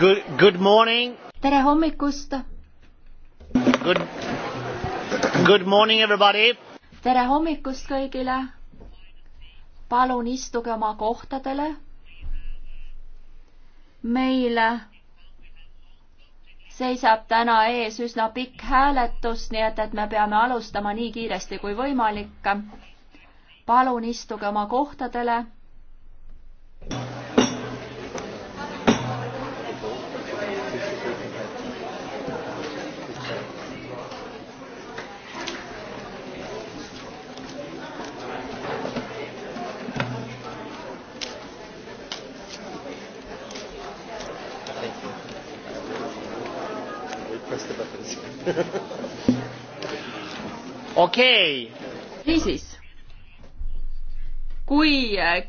Good, good morning. tere hommikust. Good, good morning everybody. tere hommikust kõigile. palun istuge oma kohtadele. meil seisab täna ees üsna pikk hääletus, nii et, et me peame alustama nii kiiresti kui võimalik. palun istuge oma kohtadele okay. niisiis, kui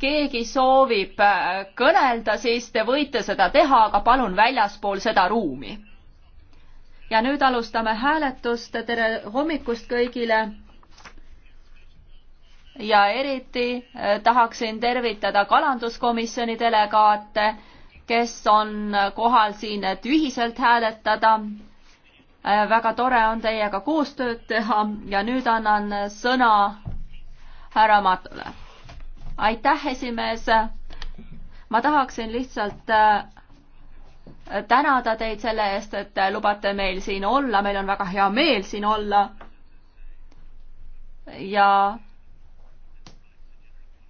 keegi soovib äh, kõnelda, siis te võite seda teha, aga palun väljaspool seda ruumi. ja nüüd alustame hääletust, tere hommikust kõigile. ja eriti äh, tahaksin tervitada kalanduskomisjoni delegaate, kes on äh, kohal siin, et ühiselt hääletada Äh, väga tore on teiega koostööd teha ja nüüd annan sõna härra Matule. aitäh, esimees. ma tahaksin lihtsalt äh, tänada teid selle eest, et lubate meil siin olla, meil on väga hea meel siin olla. ja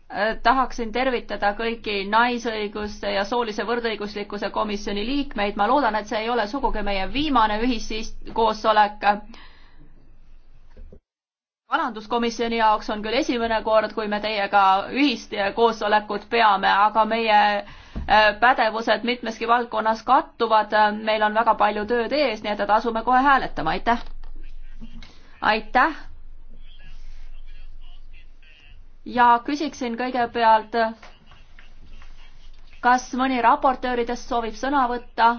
Äh, tahaksin tervitada kõiki naisõiguste ja soolise võrdõiguslikkuse komisjoni liikmeid. ma loodan, et see ei ole sugugi meie viimane ühiskoosolek. alanduskomisjoni jaoks on küll esimene kord, kui me teiega ühist koosolekut peame, aga meie äh, pädevused mitmeski valdkonnas kattuvad. meil on väga palju tööd ees, nii et asume kohe hääletama. aitäh! aitäh! ja küsiksin kõigepealt, kas mõni raportööridest soovib sõna võtta?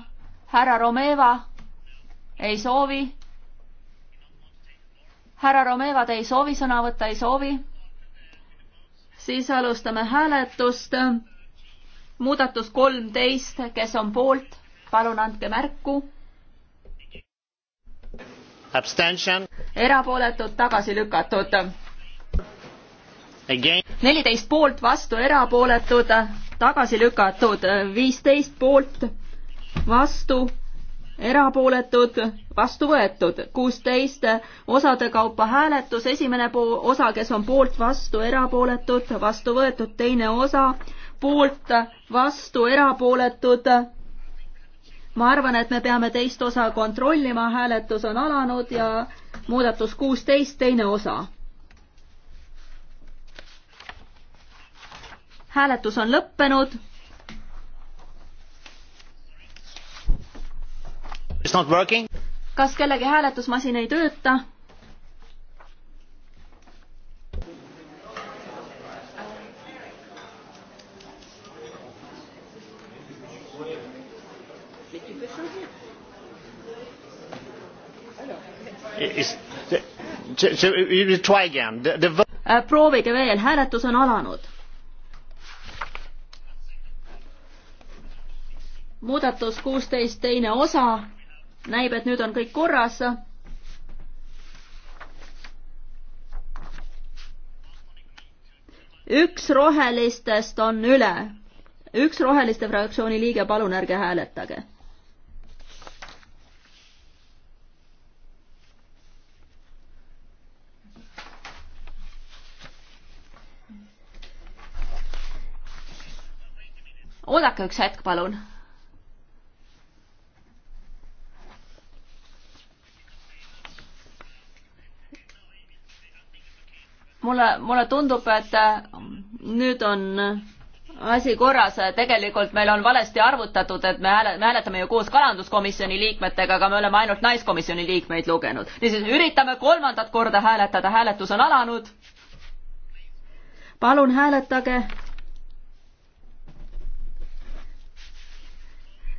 härra Romeva ei soovi. härra Romeva, te ei soovi sõna võtta, ei soovi? siis alustame hääletust. muudatus kolmteist, kes on poolt, palun andke märku. erapooletud, tagasi lükatud neliteist poolt, vastu erapooletud, tagasi lükatud, viisteist poolt, vastu erapooletud, vastu võetud, kuusteist osade kaupa hääletus, esimene pool, osa, kes on poolt, vastu, erapooletud, vastu võetud, teine osa, poolt, vastu, erapooletud. ma arvan, et me peame teist osa kontrollima, hääletus on alanud ja muudatus kuusteist, teine osa hääletus on lõppenud. kas kellegi hääletusmasin ei tööta? proovige veel, hääletus on alanud muudatus kuusteist teine osa. näib, et nüüd on kõik korras. üks rohelistest on üle. üks roheliste fraktsiooni liige, palun ärge hääletage. oodake üks hetk, palun mulle, mulle tundub, et äh, nüüd on äh, asi korras, tegelikult meil on valesti arvutatud, et me hääle, me hääletame ju koos kalanduskomisjoni liikmetega, aga me oleme ainult naiskomisjoni liikmeid lugenud. niisiis, üritame kolmandat korda hääletada, hääletus on alanud. palun hääletage.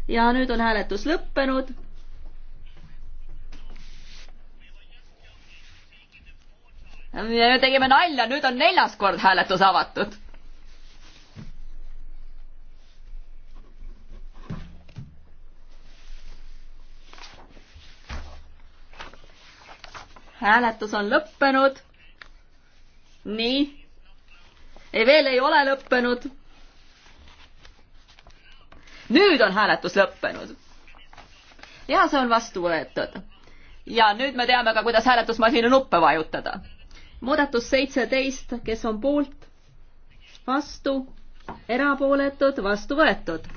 ja nüüd on hääletus lõppenud me tegime nalja, nüüd on neljas kord hääletus avatud. hääletus on lõppenud. nii. ei, veel ei ole lõppenud. nüüd on hääletus lõppenud. ja see on vastu võetud. ja nüüd me teame ka, kuidas hääletusmasina nuppe vajutada muudatus seitseteist, kes on poolt, vastu, erapooletud, vastu võetud.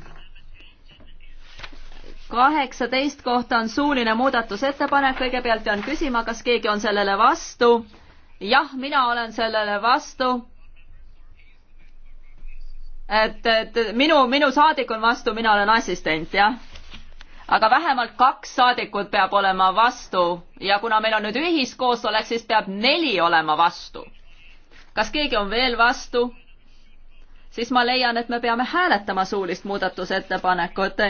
kaheksateist kohta on suuline muudatusettepanek, kõigepealt pean küsima, kas keegi on sellele vastu. jah, mina olen sellele vastu. et, et minu, minu saadik on vastu, mina olen assistent, jah aga vähemalt kaks saadikut peab olema vastu ja kuna meil on nüüd ühiskoosolek, siis peab neli olema vastu. kas keegi on veel vastu? siis ma leian, et me peame hääletama suulist muudatusettepanekut.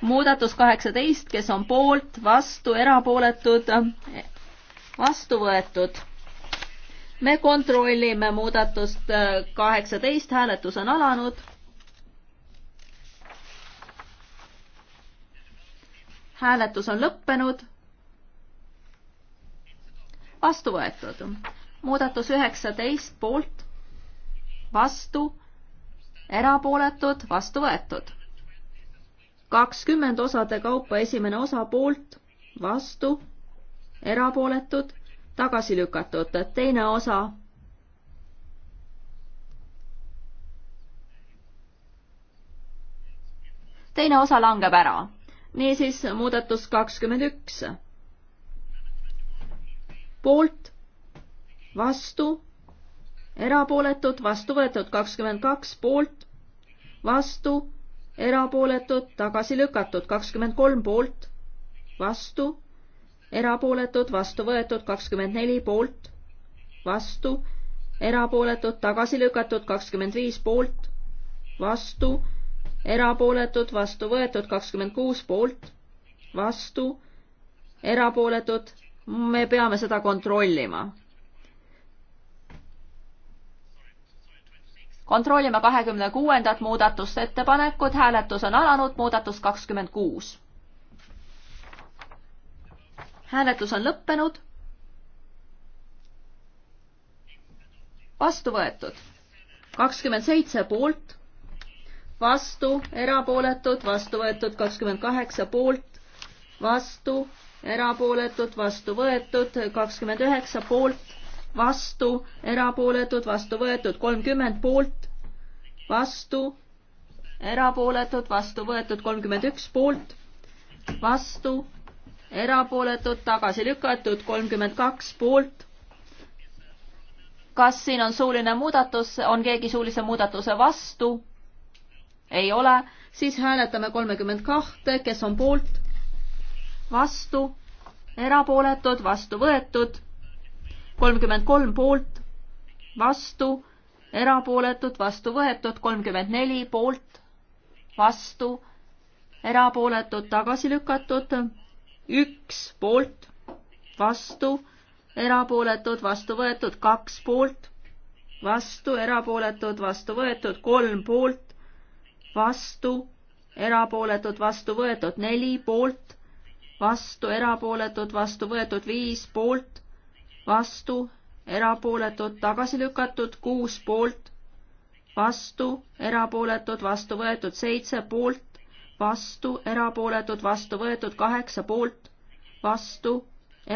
muudatus kaheksateist, kes on poolt, vastu, erapooletud, vastu võetud. me kontrollime muudatust kaheksateist, hääletus on alanud hääletus on lõppenud. vastu võetud. muudatus üheksateist poolt, vastu, erapooletud, vastu võetud. kakskümmend osade kaupa esimene osa poolt, vastu, erapooletud, tagasi lükatud, teine osa teine osa langeb ära niisiis muudatus kakskümmend üks. poolt, vastu, erapooletud, vastu võetud kakskümmend kaks, poolt, vastu, erapooletud, tagasi lükatud kakskümmend kolm, poolt, vastu, erapooletud, vastu võetud kakskümmend neli, poolt, vastu, erapooletud, tagasi lükatud kakskümmend viis, poolt, vastu erapooletud, vastu võetud, kakskümmend kuus poolt, vastu, erapooletud, me peame seda kontrollima. kontrollime kahekümne kuuendat muudatusettepanekut, hääletus on alanud, muudatus kakskümmend kuus. hääletus on lõppenud. vastu võetud kakskümmend seitse poolt vastu, erapooletud, vastu võetud kakskümmend kaheksa poolt, vastu, erapooletud, vastu võetud kakskümmend üheksa poolt, vastu, erapooletud, vastu võetud kolmkümmend poolt, vastu, erapooletud, vastu võetud kolmkümmend üks poolt, vastu, erapooletud, tagasi lükatud kolmkümmend kaks poolt. kas siin on suuline muudatus, on keegi suulise muudatuse vastu? ei ole, siis hääletame kolmekümmend kahte, kes on poolt, vastu, erapooletud, vastu võetud, kolmkümmend kolm poolt, vastu, erapooletud, vastu võetud, kolmkümmend neli poolt, vastu, erapooletud, tagasi lükatud, üks poolt, vastu, erapooletud, vastu võetud, kaks poolt, vastu, erapooletud, vastu võetud, kolm poolt, vastu, erapooletud, vastu võetud neli poolt, vastu, erapooletud, vastu võetud viis poolt, vastu, erapooletud, tagasi lükatud kuus poolt, vastu, erapooletud, vastu võetud seitse poolt, vastu, erapooletud, vastu võetud kaheksa poolt, vastu,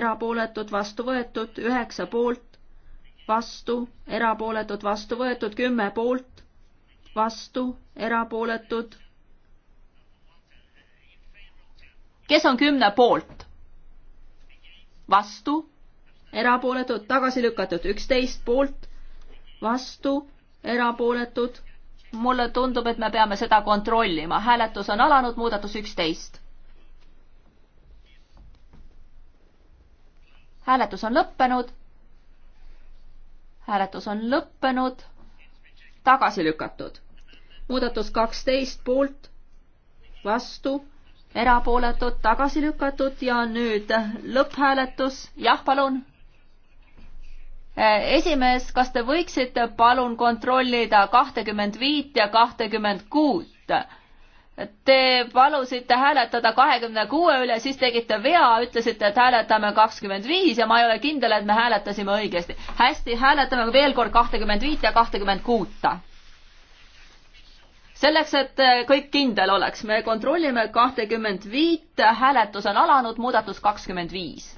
erapooletud, vastu võetud üheksa poolt, vastu, erapooletud, vastu võetud kümme poolt, vastu, erapooletud. kes on kümne poolt? vastu, erapooletud, tagasi lükatud, üksteist poolt, vastu, erapooletud. mulle tundub, et me peame seda kontrollima, hääletus on alanud, muudatus üksteist. hääletus on lõppenud. hääletus on lõppenud tagasi lükatud. muudatus kaksteist poolt, vastu, erapooletud, tagasi lükatud ja nüüd lõpphääletus, jah, palun. Äh, esimees, kas te võiksite palun kontrollida kahtekümmend viit ja kahtekümmend kuut? Te palusite hääletada kahekümne kuue üle, siis tegite vea, ütlesite, et hääletame kakskümmend viis ja ma ei ole kindel, et me hääletasime õigesti. hästi, hääletame veel kord kahtekümmend viit ja kahtekümmend kuuta. selleks, et kõik kindel oleks, me kontrollime kahtekümmend viit, hääletus on alanud, muudatus kakskümmend viis.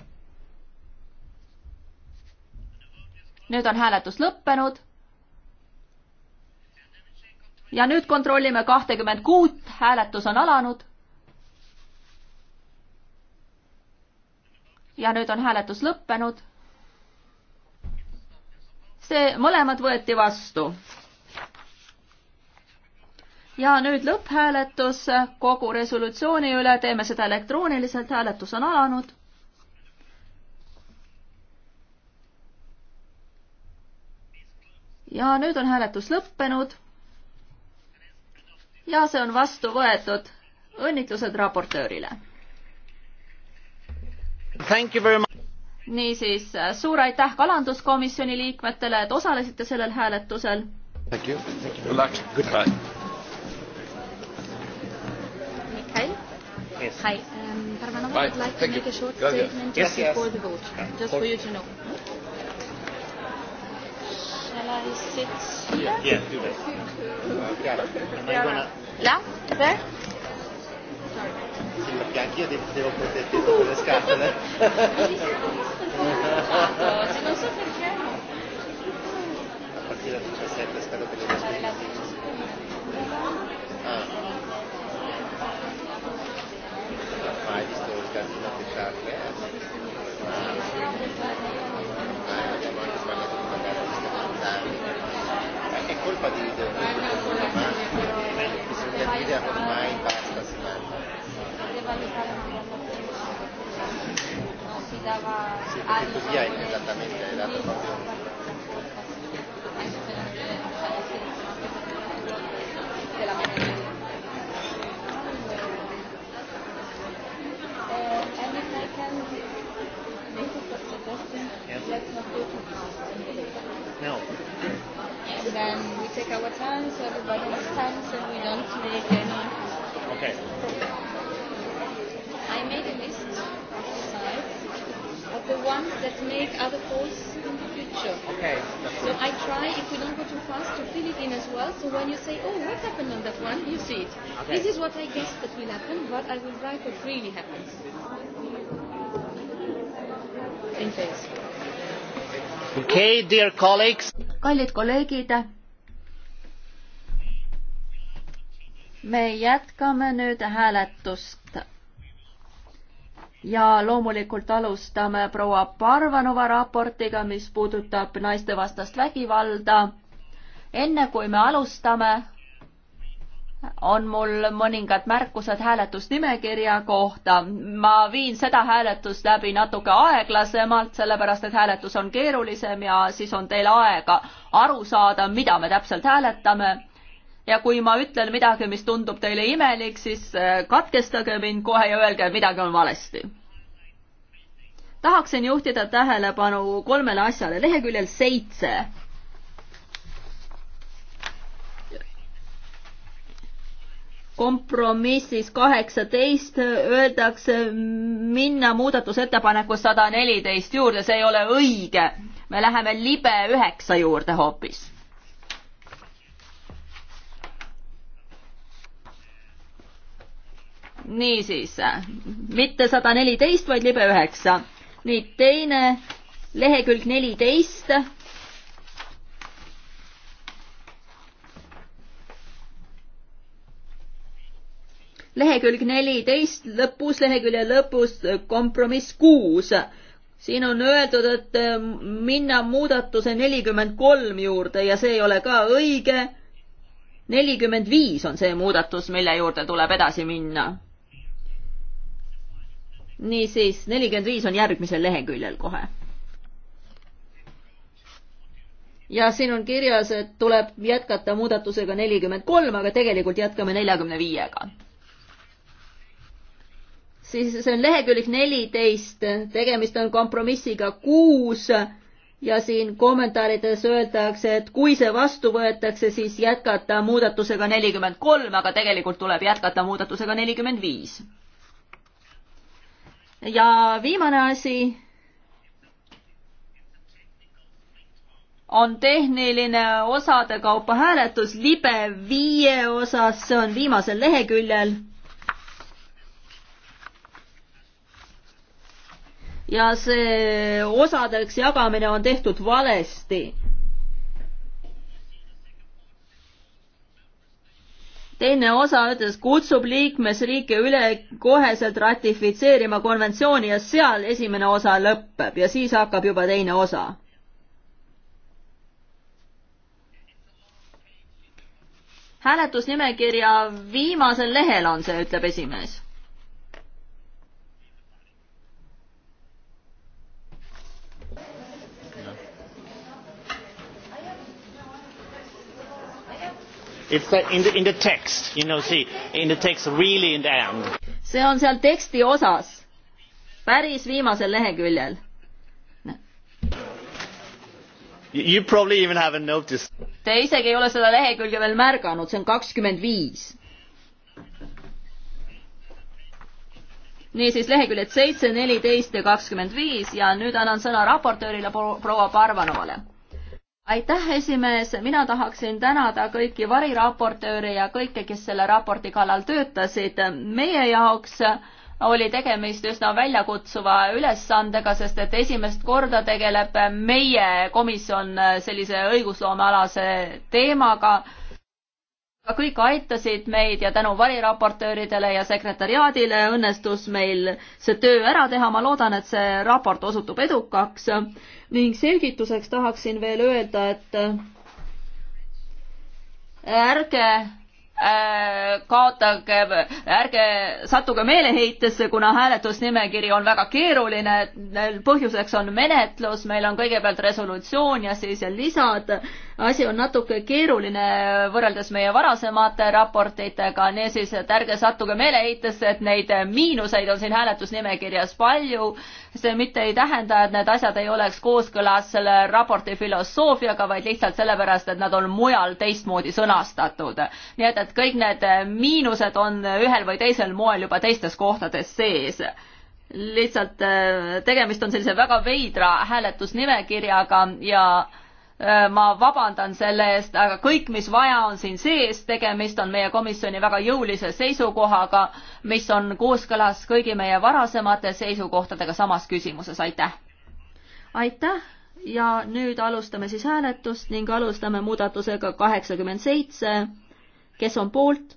nüüd on hääletus lõppenud ja nüüd kontrollime kahtekümmend kuut, hääletus on alanud. ja nüüd on hääletus lõppenud. see, mõlemad võeti vastu. ja nüüd lõpphääletus kogu resolutsiooni üle, teeme seda elektrooniliselt, hääletus on alanud ja nüüd on hääletus lõppenud ja see on vastu võetud. õnnitlused raportöörile. niisiis, suur aitäh kalanduskomisjoni liikmetele, et osalesite sellel hääletusel. Mikhail? Yes. Hi, um, Parvanova Bye. would like Thank to make you. a short Go statement just yes, before yes. the vote, just for you to know. Can I sit here? Yeah, do that. Okay. Am I gonna... Là? There? Sì, perché anch'io devo, devo proteggerti con le scatole. Non so perché. A partire dal 17 spero che le Ah. Mai visto le scatole da pesciarle? Ah ma che colpa di del gruppo della mafia bisogna dire ormai basta si mangia sì perché così ha immediatamente hai dato proprio della mafia then um, we take our time so everybody understands and we don't make any. Okay. Problem. I made a list of the sites of the ones that make other calls in the future. Okay. That's so good. I try, if we don't go too fast, to fill it in as well. So when you say, oh, what happened on that one, you see it. Okay. This is what I guess that will happen, but I will write what really happens. In case okay, dear colleagues. kallid kolleegid, me jätkame nüüd hääletust ja loomulikult alustame proua Parvanova raportiga, mis puudutab naistevastast vägivalda. enne kui me alustame, on mul mõningad märkused hääletusnimekirja kohta. ma viin seda hääletust läbi natuke aeglasemalt, sellepärast et hääletus on keerulisem ja siis on teil aega aru saada, mida me täpselt hääletame. ja kui ma ütlen midagi, mis tundub teile imelik, siis äh, katkestage mind kohe ja öelge, et midagi on valesti. tahaksin juhtida tähelepanu kolmele asjale. leheküljel seitse kompromissis kaheksateist öeldakse minna muudatusettepaneku sada neliteist juurde, see ei ole õige. me läheme libe üheksa juurde hoopis. niisiis, mitte sada neliteist, vaid libe üheksa. nii, teine lehekülg neliteist lehekülg neliteist lõpus, lehekülje lõpus äh, kompromiss kuus. siin on öeldud, et äh, minna muudatuse nelikümmend kolm juurde ja see ei ole ka õige. nelikümmend viis on see muudatus, mille juurde tuleb edasi minna. niisiis, nelikümmend viis on järgmisel leheküljel kohe ja siin on kirjas, et tuleb jätkata muudatusega nelikümmend kolm, aga tegelikult jätkame neljakümne viiega siis see on lehekülg neliteist, tegemist on kompromissiga kuus ja siin kommentaarides öeldakse, et kui see vastu võetakse, siis jätkata muudatusega nelikümmend kolm, aga tegelikult tuleb jätkata muudatusega nelikümmend viis. ja viimane asi on tehniline osade kaupa hääletus libe viie osas, see on viimasel leheküljel ja see osadeks jagamine on tehtud valesti. teine osa ütles, kutsub liikmesriike üle koheselt ratifitseerima konventsiooni ja seal esimene osa lõpeb ja siis hakkab juba teine osa hääletusnimekirja viimasel lehel on see, ütleb esimees. It's the, in, the, in the text, you know, see, in the text really in the end. see on seal teksti osas, päris viimasel leheküljel. You probably even haven't noticed. Te isegi ei ole seda lehekülge veel märganud, see on kakskümmend viis. niisiis leheküljed seitse, neliteist ja kakskümmend viis ja nüüd annan sõna raportöörile proua Parvanovale aitäh, esimees, mina tahaksin tänada kõiki variraportööre ja kõike, kes selle raporti kallal töötasid. meie jaoks oli tegemist üsna väljakutsuva ülesandega, sest et esimest korda tegeleb meie komisjon sellise õigusloomealase teemaga kõik aitasid meid ja tänu variraportööridele ja sekretariaadile õnnestus meil see töö ära teha. ma loodan, et see raport osutub edukaks ning selgituseks tahaksin veel öelda, et ärge Äh, kaotage, ärge sattuge meeleheitesse, kuna hääletusnimekiri on väga keeruline. põhjuseks on menetlus, meil on kõigepealt resolutsioon ja siis lisad. asi on natuke keeruline võrreldes meie varasemate raportitega, niisiis, et ärge sattuge meeleheitesse, et neid miinuseid on siin hääletusnimekirjas palju. see mitte ei tähenda, et need asjad ei oleks kooskõlas selle raporti filosoofiaga, vaid lihtsalt sellepärast, et nad on mujal teistmoodi sõnastatud. nii et, et et kõik need miinused on ühel või teisel moel juba teistes kohtades sees lihtsalt äh, tegemist on sellise väga veidra hääletusnimekirjaga ja äh, ma vabandan selle eest, aga kõik, mis vaja, on siin sees, tegemist on meie komisjoni väga jõulise seisukohaga, mis on kooskõlas kõigi meie varasemate seisukohtadega samas küsimuses, aitäh! aitäh ja nüüd alustame siis hääletust ning alustame muudatusega kaheksakümmend seitse kes on poolt,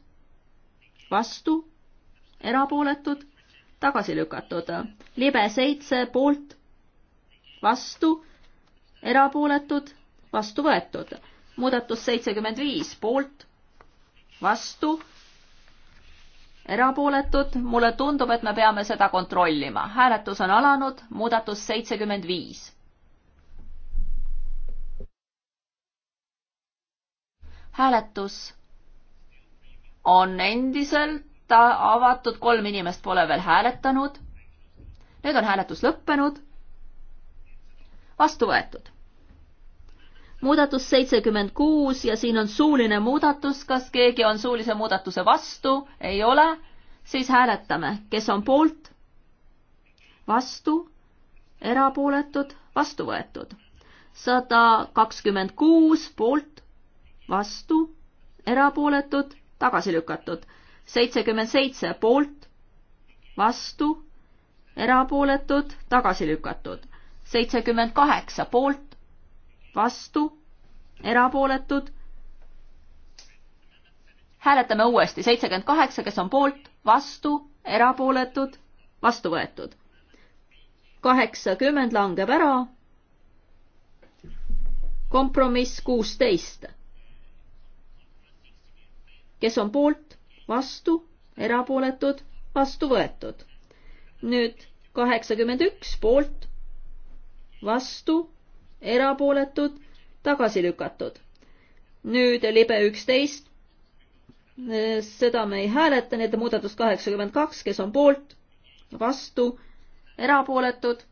vastu, erapooletud, tagasi lükatud. libe seitse poolt, vastu, erapooletud, vastu võetud. muudatus seitsekümmend viis poolt, vastu, erapooletud, mulle tundub, et me peame seda kontrollima. hääletus on alanud, muudatus seitsekümmend viis. hääletus on endiselt avatud, kolm inimest pole veel hääletanud. nüüd on hääletus lõppenud. vastu võetud. muudatus seitsekümmend kuus ja siin on suuline muudatus, kas keegi on suulise muudatuse vastu? ei ole? siis hääletame, kes on poolt, vastu, erapooletud, vastu võetud. sada kakskümmend kuus poolt, vastu, erapooletud tagasi lükatud. seitsekümmend seitse poolt, vastu, erapooletud, tagasi lükatud. seitsekümmend kaheksa poolt, vastu, erapooletud. hääletame uuesti, seitsekümmend kaheksa, kes on poolt, vastu, erapooletud, vastu võetud. kaheksakümmend langeb ära kompromiss kuusteist kes on poolt, vastu, erapooletud, vastu võetud. nüüd kaheksakümmend üks poolt, vastu, erapooletud, tagasi lükatud. nüüd libe üksteist, seda me ei hääleta, nii et muudatus kaheksakümmend kaks, kes on poolt, vastu, erapooletud.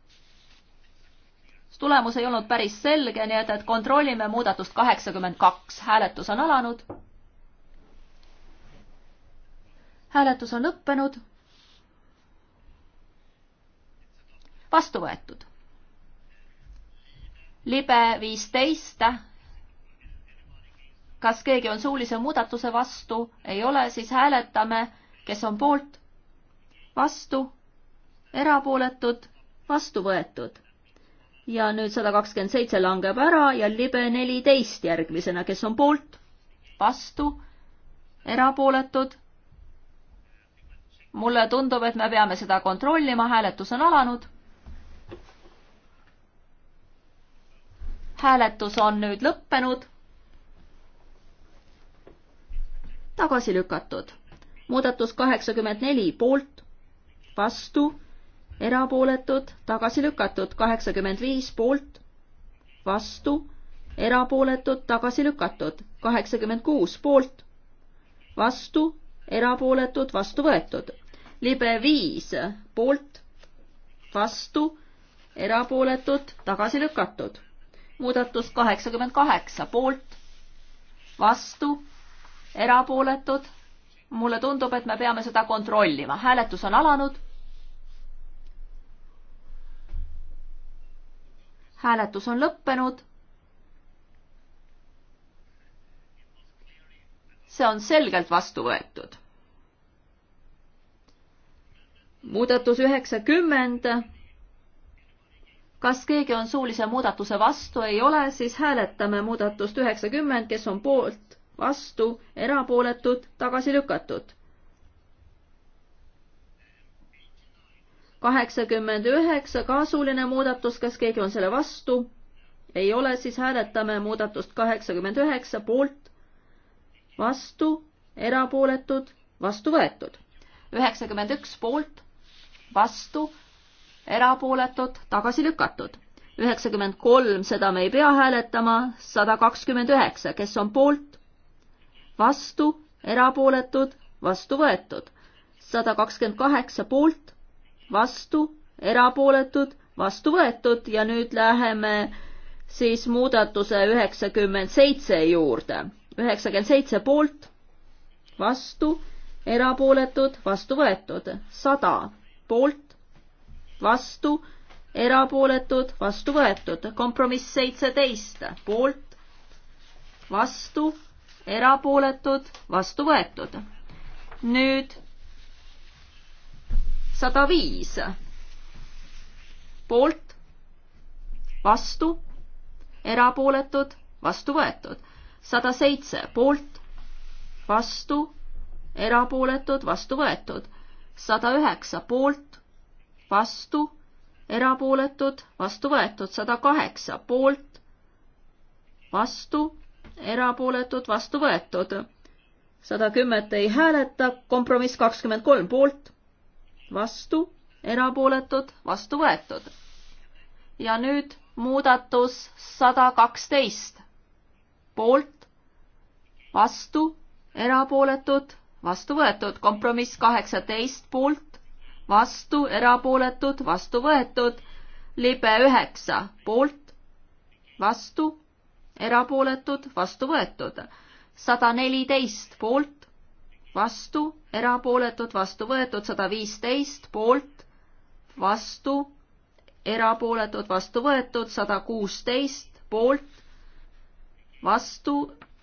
tulemus ei olnud päris selge, nii et, et kontrollime muudatust kaheksakümmend kaks, hääletus on alanud hääletus on lõppenud. vastu võetud. libe viisteist. kas keegi on suulise muudatuse vastu? ei ole, siis hääletame, kes on poolt, vastu, erapooletud, vastu võetud ja nüüd sada kakskümmend seitse langeb ära ja libe neliteist järgmisena, kes on poolt, vastu, erapooletud, mulle tundub, et me peame seda kontrollima, hääletus on alanud. hääletus on nüüd lõppenud. tagasi lükatud. muudatus kaheksakümmend neli poolt, vastu, erapooletud, tagasi lükatud, kaheksakümmend viis poolt, vastu, erapooletud, tagasi lükatud, kaheksakümmend kuus poolt, vastu, erapooletud, vastu võetud libe viis poolt, vastu, erapooletud, tagasi lükatud. muudatus kaheksakümmend kaheksa poolt, vastu, erapooletud. mulle tundub, et me peame seda kontrollima. hääletus on alanud. hääletus on lõppenud see on selgelt vastu võetud muudatus üheksakümmend. kas keegi on suulise muudatuse vastu, ei ole, siis hääletame muudatust üheksakümmend, kes on poolt, vastu, erapooletud, tagasi lükatud. kaheksakümmend üheksa, ka suuline muudatus, kas keegi on selle vastu? ei ole, siis hääletame muudatust kaheksakümmend üheksa poolt, vastu, erapooletud, vastu võetud. üheksakümmend üks poolt, vastu, erapooletud, tagasi lükatud. üheksakümmend kolm, seda me ei pea hääletama, sada kakskümmend üheksa, kes on poolt, vastu, erapooletud, vastu võetud. sada kakskümmend kaheksa poolt, vastu, erapooletud, vastu võetud ja nüüd läheme siis muudatuse üheksakümmend seitse juurde. üheksakümmend seitse poolt, vastu, erapooletud, vastu võetud, sada poolt, vastu, erapooletud, vastu võetud. kompromiss seitseteist, poolt, vastu, erapooletud, vastu võetud. nüüd sada viis, poolt, vastu, erapooletud, vastu võetud. sada seitse, poolt, vastu, erapooletud, vastu võetud sada üheksa poolt, vastu, erapooletud, vastu võetud, sada kaheksa poolt, vastu, erapooletud, vastu võetud. sada kümmet ei hääleta, kompromiss kakskümmend kolm poolt, vastu, erapooletud, vastu võetud. ja nüüd muudatus sada kaksteist poolt, vastu, erapooletud, vastu võetud, kompromiss kaheksateist poolt, vastu, erapooletud, vastu võetud, libe üheksa poolt, vastu, erapooletud, vastu võetud, sada neliteist poolt, vastu, erapooletud, vastu võetud, sada viisteist poolt, vastu, erapooletud, vastu võetud, sada kuusteist poolt, vastu,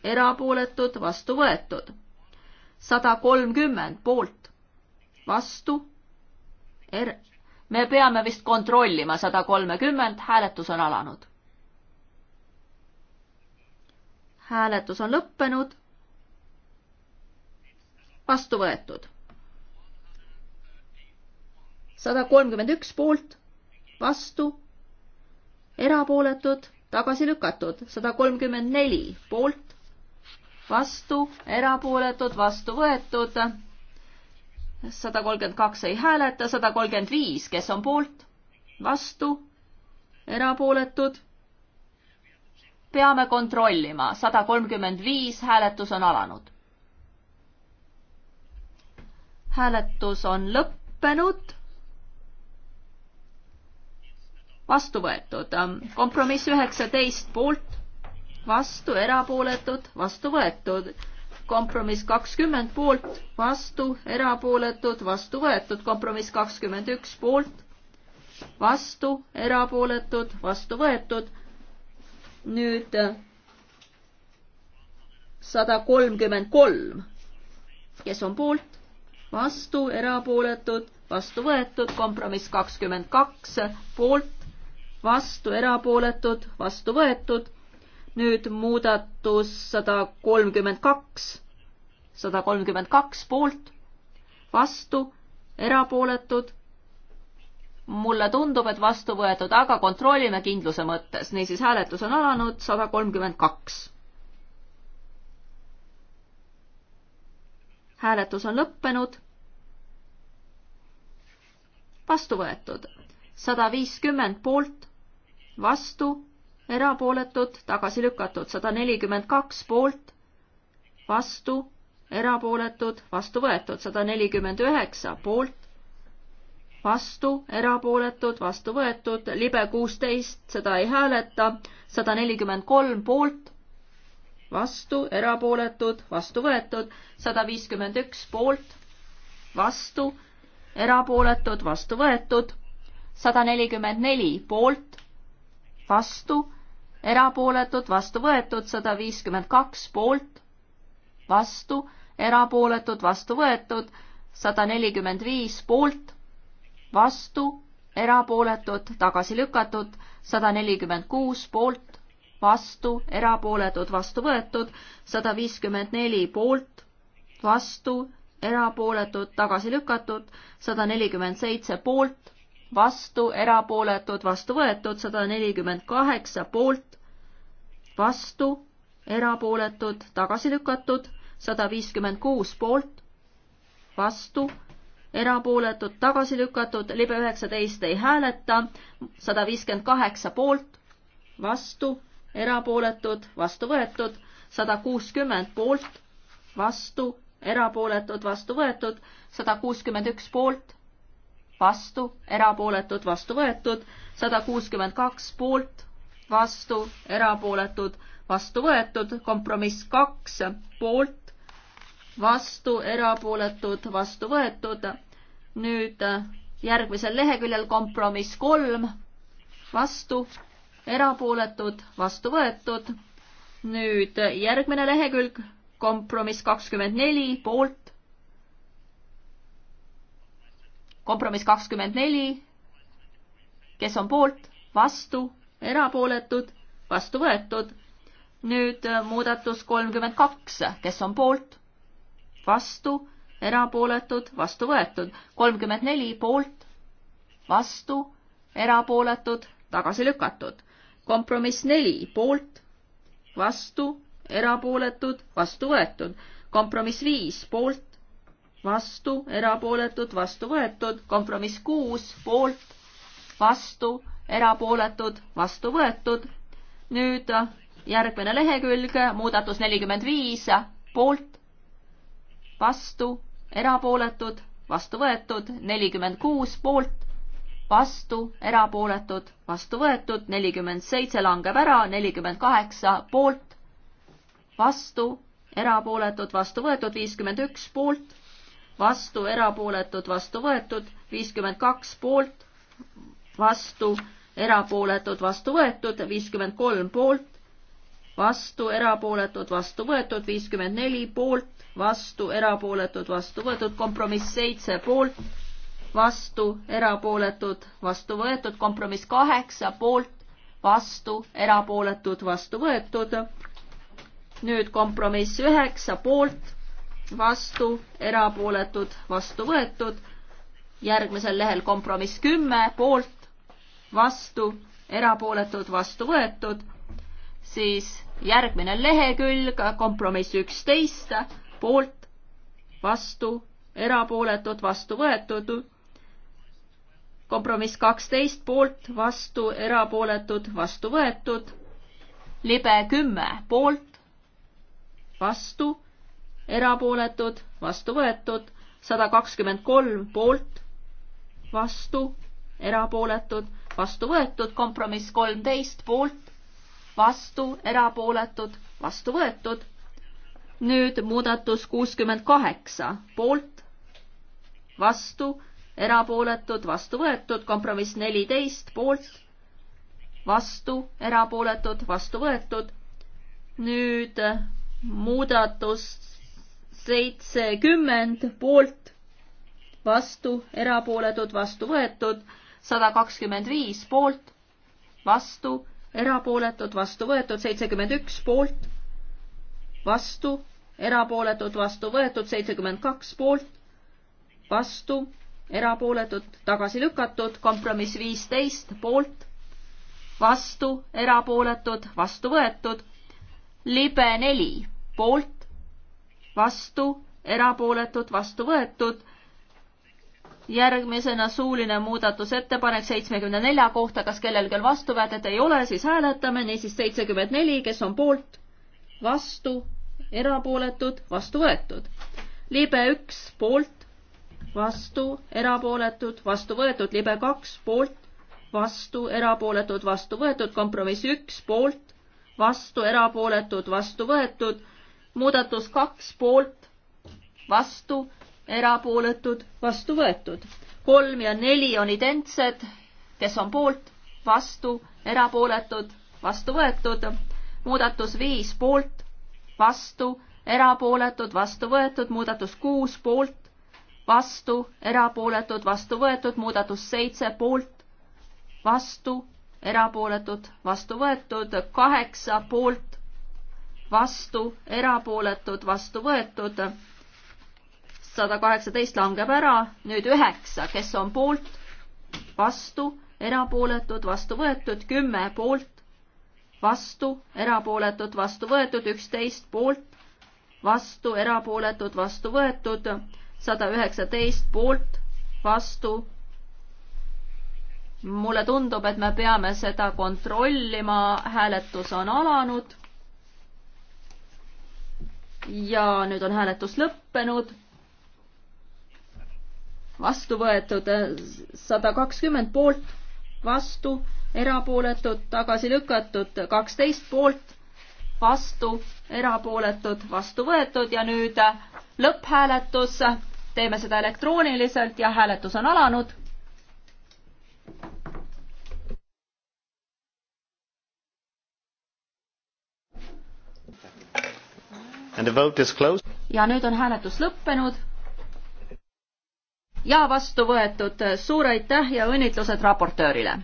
erapooletud, vastu võetud sada kolmkümmend poolt, vastu er,. me peame vist kontrollima sada kolmekümmend, hääletus on alanud. hääletus on lõppenud. vastu võetud. sada kolmkümmend üks poolt, vastu, erapooletud, tagasi lükatud, sada kolmkümmend neli poolt, vastu, erapooletud, vastu võetud. sada kolmkümmend kaks ei hääleta, sada kolmkümmend viis, kes on poolt, vastu, erapooletud. peame kontrollima, sada kolmkümmend viis, hääletus on alanud. hääletus on lõppenud. vastu võetud, kompromiss üheksateist poolt vastu, erapooletud, vastu võetud. kompromiss kakskümmend poolt, vastu, erapooletud, vastu võetud. kompromiss kakskümmend üks poolt, vastu, erapooletud, vastu võetud. nüüd äh, sada kolmkümmend kolm, kes on poolt, vastu, erapooletud, vastu võetud. kompromiss kakskümmend kaks poolt, vastu, erapooletud, vastu võetud nüüd muudatus sada kolmkümmend kaks, sada kolmkümmend kaks poolt, vastu, erapooletud. mulle tundub, et vastu võetud, aga kontrollime kindluse mõttes, niisiis hääletus on alanud sada kolmkümmend kaks. hääletus on lõppenud. vastu võetud sada viiskümmend poolt, vastu erapooletud, tagasi lükatud, sada nelikümmend kaks poolt, vastu, erapooletud, vastu võetud, sada nelikümmend üheksa poolt, vastu, erapooletud, vastu võetud, libe kuusteist, seda ei hääleta, sada nelikümmend kolm poolt, vastu, erapooletud, vastu võetud, sada viiskümmend üks poolt, vastu, erapooletud, vastu võetud, sada nelikümmend neli poolt, vastu, erapooletud, vastu võetud, sada viiskümmend kaks poolt, vastu, erapooletud, vastu võetud, sada nelikümmend viis poolt, vastu, erapooletud, tagasi lükatud, sada nelikümmend kuus poolt, vastu, erapooletud, vastu võetud, sada viiskümmend neli poolt, vastu, erapooletud, tagasi lükatud, sada nelikümmend seitse poolt, vastu, erapooletud, vastu võetud, sada nelikümmend kaheksa poolt, vastu, erapooletud, tagasi lükatud, sada viiskümmend kuus poolt, vastu, erapooletud, tagasi lükatud, libe üheksateist ei hääleta, sada viiskümmend kaheksa poolt, vastu, erapooletud, vastu võetud, sada kuuskümmend poolt, vastu, erapooletud, vastu võetud, sada kuuskümmend üks poolt vastu, erapooletud, vastu võetud, sada kuuskümmend kaks poolt, vastu, erapooletud, vastu võetud, kompromiss kaks poolt, vastu, erapooletud, vastu võetud. nüüd järgmisel leheküljel kompromiss kolm, vastu, erapooletud, vastu võetud. nüüd järgmine lehekülg, kompromiss kakskümmend neli poolt, kompromiss kakskümmend neli, kes on poolt, vastu, erapooletud, vastu võetud. nüüd äh, muudatus kolmkümmend kaks, kes on poolt, vastu, erapooletud, vastu võetud. kolmkümmend neli poolt, vastu, erapooletud, tagasi lükatud. kompromiss neli poolt, vastu, erapooletud, vastu võetud. kompromiss viis poolt, vastu, erapooletud, vastu võetud, kompromiss kuus, poolt, vastu, erapooletud, vastu võetud. nüüd järgmine lehekülg, muudatus nelikümmend viis, poolt, vastu, erapooletud, vastu võetud, nelikümmend kuus poolt, vastu, erapooletud, vastu võetud, nelikümmend seitse langeb ära, nelikümmend kaheksa poolt, vastu, erapooletud, vastu võetud, viiskümmend üks poolt vastu, erapooletud, vastu võetud, viiskümmend kaks poolt, vastu, erapooletud, vastu võetud, viiskümmend kolm poolt, vastu, erapooletud, vastu võetud, viiskümmend neli poolt, vastu, erapooletud, vastu võetud, kompromiss seitse poolt, vastu, erapooletud, vastu võetud, kompromiss kaheksa poolt, vastu, erapooletud, vastu võetud. nüüd kompromiss üheksa poolt vastu, erapooletud, vastu võetud. järgmisel lehel kompromiss kümme, poolt, vastu, erapooletud, vastu võetud. siis järgmine lehekülg, kompromiss üksteist, poolt, vastu, erapooletud, vastu võetud. kompromiss kaksteist, poolt, vastu, erapooletud, vastu võetud. libe kümme, poolt, vastu erapooletud, vastu võetud, sada kakskümmend kolm poolt, vastu, erapooletud, vastu võetud, kompromiss kolmteist poolt, vastu, erapooletud, vastu võetud. nüüd muudatus kuuskümmend kaheksa poolt, vastu, erapooletud, vastu võetud, kompromiss neliteist poolt, vastu, erapooletud, vastu võetud. nüüd muudatus seitsekümmend poolt, vastu, erapooletud, vastu võetud, sada kakskümmend viis poolt, vastu, erapooletud, vastu võetud, seitsekümmend üks poolt, vastu, erapooletud, vastu võetud, seitsekümmend kaks poolt, vastu, erapooletud, tagasi lükatud, kompromiss viisteist poolt, vastu, erapooletud, vastu võetud, libe neli poolt, vastu, erapooletud, vastu võetud. järgmisena suuline muudatusettepanek seitsmekümne nelja kohta, kas kellelgi on vastuväidet, ei ole, siis hääletame, niisiis seitsekümmend neli, kes on poolt, vastu, erapooletud, vastu võetud. libe üks poolt, vastu, erapooletud, vastu võetud, libe kaks poolt, vastu, erapooletud, vastu võetud, kompromiss üks poolt, vastu, erapooletud, vastu võetud muudatus kaks poolt, vastu, erapooletud, vastu võetud. kolm ja neli on identsed, kes on poolt, vastu, erapooletud, vastu võetud. muudatus viis poolt, vastu, erapooletud, vastu võetud, muudatus kuus poolt, vastu, erapooletud, vastu võetud, muudatus seitse poolt, vastu, erapooletud, vastu võetud, kaheksa poolt, vastu, erapooletud, vastu võetud. sada kaheksateist langeb ära, nüüd üheksa, kes on poolt, vastu, erapooletud, vastu võetud, kümme poolt, vastu, erapooletud, vastu võetud, üksteist poolt, vastu, erapooletud, vastu võetud, sada üheksateist poolt, vastu. mulle tundub, et me peame seda kontrollima, hääletus on alanud ja nüüd on hääletus lõppenud. vastu võetud äh, sada kakskümmend poolt, vastu, erapooletud, tagasi lükatud, kaksteist poolt, vastu, erapooletud, vastu võetud ja nüüd äh, lõpphääletus. teeme seda elektrooniliselt ja hääletus on alanud ja nüüd on hääletus lõppenud. ja vastu võetud, suur aitäh ja õnnitlused raportöörile.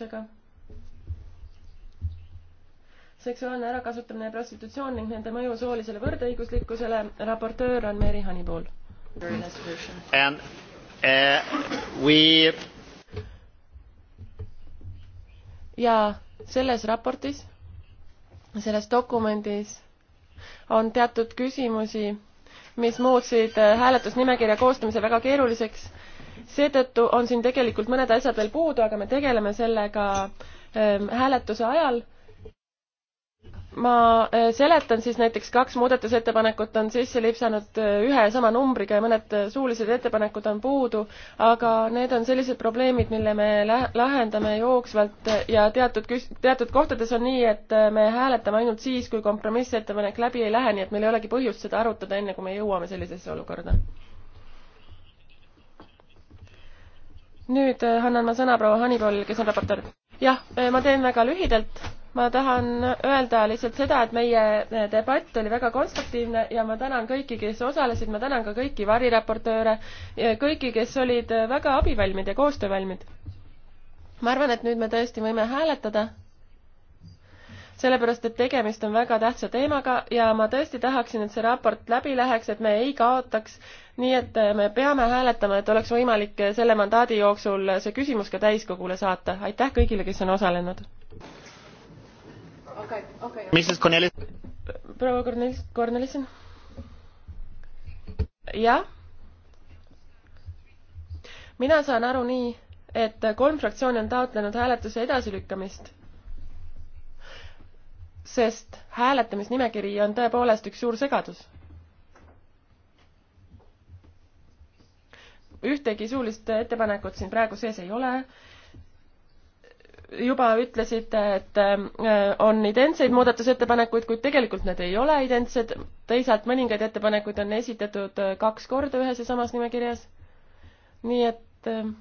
väärtusega. seksuaalne ärakasutamine ja prostitutsioon ning nende mõju soolisele võrdõiguslikkusele. raportöör on Meri Hanipool. And uh, we ja selles raportis, selles dokumendis on teatud küsimusi, mis muutsid hääletusnimekirja koostamise väga keeruliseks seetõttu on siin tegelikult mõned asjad veel puudu, aga me tegeleme sellega ähm, hääletuse ajal. ma äh, seletan siis näiteks kaks muudatusettepanekut on sisse lipsanud äh, ühe ja sama numbriga ja mõned äh, suulised ettepanekud on puudu, aga need on sellised probleemid, mille me lahendame jooksvalt ja teatud, teatud kohtades on nii, et me hääletame ainult siis, kui kompromissettepanek läbi ei lähe, nii et meil ei olegi põhjust seda arutada, enne kui me jõuame sellisesse olukorda nüüd äh, annan ma sõna proua Hannibal, kes on raportöör. jah, äh, ma teen väga lühidalt. ma tahan öelda lihtsalt seda, et meie äh, debatt oli väga konstruktiivne ja ma tänan kõiki, kes osalesid, ma tänan ka kõiki variraportööre, kõiki, kes olid väga abivalmid ja koostöövalmid. ma arvan, et nüüd me tõesti võime hääletada sellepärast et tegemist on väga tähtsa teemaga ja ma tõesti tahaksin, et see raport läbi läheks, et me ei kaotaks, nii et äh, me peame hääletama, et oleks võimalik äh, selle mandaadi jooksul äh, see küsimus ka täiskogule saata. aitäh kõigile, kes on osalenud. okei, okei. mis siis Cornelis? proua Cornelis, Cornelissen? jah? mina saan aru nii, et kolm fraktsiooni on taotlenud hääletuse edasilükkamist sest hääletamisnimekiri on tõepoolest üks suur segadus. ühtegi suulist ettepanekut siin praegu sees ei ole. juba ütlesite, et äh, on identseid muudatusettepanekuid, kuid tegelikult need ei ole identsed. teisalt mõningaid ettepanekuid on esitatud äh, kaks korda ühes ja samas nimekirjas. nii et äh,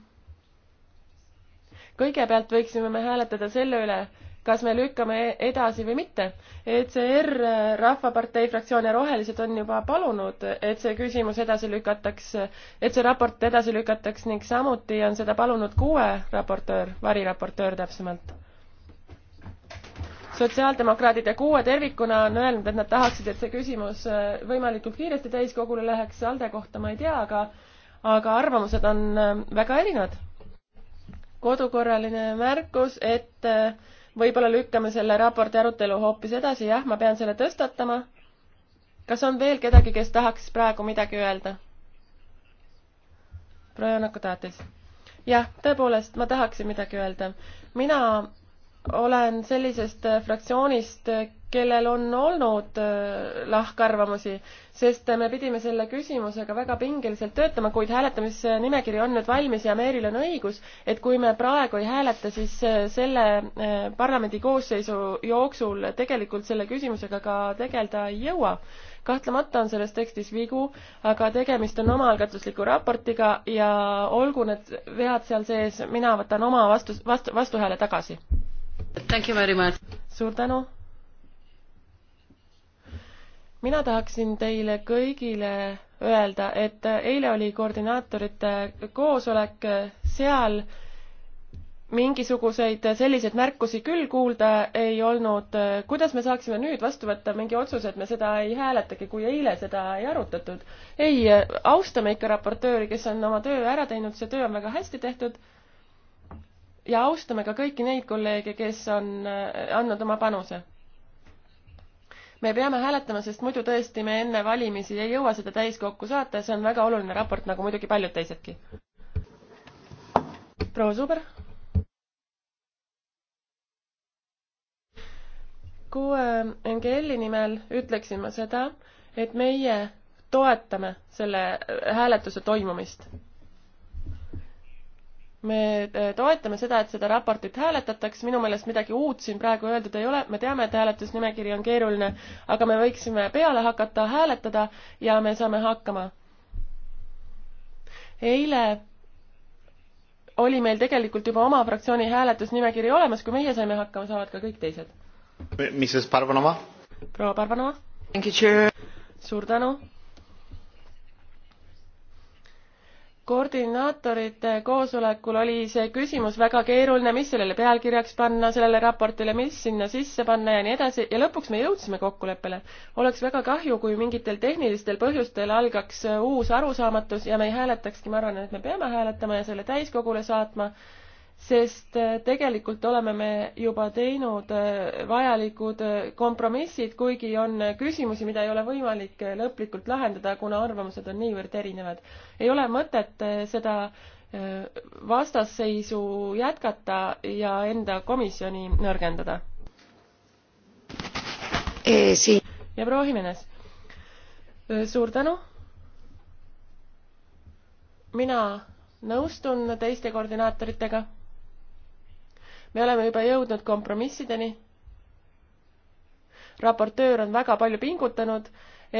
kõigepealt võiksime me hääletada selle üle, kas me lükkame edasi või mitte. ECR, Rahvapartei fraktsioon ja Rohelised on juba palunud, et see küsimus edasi lükataks, et see raport edasi lükataks ning samuti on seda palunud kuue raportöör, variraportöör täpsemalt. sotsiaaldemokraadid ja kuue tervikuna on öelnud, et nad tahaksid, et see küsimus äh, võimalikult kiiresti täiskogule läheks, ALDE kohta ma ei tea, aga aga arvamused on äh, väga erinevad. kodukorraline märkus, et äh, võib-olla lükkame selle raporti arutelu hoopis edasi, jah, ma pean selle tõstatama. kas on veel kedagi, kes tahaks praegu midagi öelda? proua Janaku Taatis. jah, tõepoolest, ma tahaksin midagi öelda. mina olen sellisest äh, fraktsioonist, kellel on olnud äh, lahkarvamusi, sest me pidime selle küsimusega väga pingeliselt töötama, kuid hääletamisnimekiri on nüüd valmis ja Meeril on õigus, et kui me praegu ei hääleta, siis äh, selle parlamendi koosseisu jooksul tegelikult selle küsimusega ka tegeleda ei jõua. kahtlemata on selles tekstis vigu, aga tegemist on omaalgatusliku raportiga ja olgu need vead seal sees, mina võtan oma vastu, vastu, vastuhääle tagasi suur tänu! mina tahaksin teile kõigile öelda, et eile oli koordinaatorite koosolek, seal mingisuguseid selliseid märkusi küll kuulda ei olnud. kuidas me saaksime nüüd vastu võtta mingi otsuse, et me seda ei hääletagi, kui eile seda ei arutatud? ei, austame ikka raportööri, kes on oma töö ära teinud, see töö on väga hästi tehtud ja austame ka kõiki neid kolleege, kes on äh, andnud oma panuse. me peame hääletama, sest muidu tõesti me enne valimisi ei jõua seda täiskokku saata ja see on väga oluline raport, nagu muidugi paljud teisedki. proua Suber. kuue NGL-i nimel ütleksin ma seda, et meie toetame selle hääletuse toimumist me äh, toetame seda, et seda raportit hääletatakse, minu meelest midagi uut siin praegu öeldud ei ole, me teame, et hääletusnimekiri on keeruline, aga me võiksime peale hakata hääletada ja me saame hakkama. eile oli meil tegelikult juba oma fraktsiooni hääletusnimekiri olemas, kui meie saime hakkama, saavad ka kõik teised. mis siis Parvanova? proua Parvanova? suur tänu koordinaatorite koosolekul oli see küsimus väga keeruline, mis sellele pealkirjaks panna, sellele raportile, mis sinna sisse panna ja nii edasi ja lõpuks me jõudsime kokkuleppele. oleks väga kahju, kui mingitel tehnilistel põhjustel algaks uus arusaamatus ja me ei hääletakski, ma arvan, et me peame hääletama ja selle täiskogule saatma sest äh, tegelikult oleme me juba teinud äh, vajalikud äh, kompromissid, kuigi on küsimusi, mida ei ole võimalik lõplikult lahendada, kuna arvamused on niivõrd erinevad. ei ole mõtet seda vastasseisu jätkata ja enda komisjoni nõrgendada. Eh, ja proua Jimenez, suur tänu. mina nõustun teiste koordinaatoritega me oleme juba jõudnud kompromissideni. raportöör on väga palju pingutanud,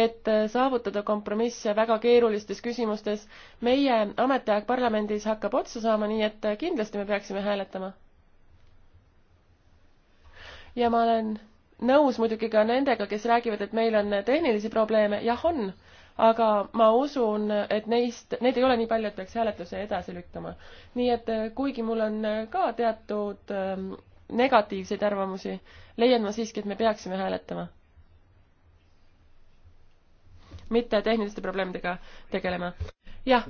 et saavutada kompromisse väga keerulistes küsimustes. meie ametiaeg parlamendis hakkab otsa saama, nii et kindlasti me peaksime hääletama. ja ma olen nõus muidugi ka nendega, kes räägivad, et meil on tehnilisi probleeme, jah on, aga ma usun, et neist, neid ei ole nii palju, et peaks hääletuse edasi lükkama. nii et äh, kuigi mul on äh, ka teatud ähm, negatiivseid arvamusi, leian ma siiski, et me peaksime hääletama. mitte tehniliste probleemidega tegelema. jah,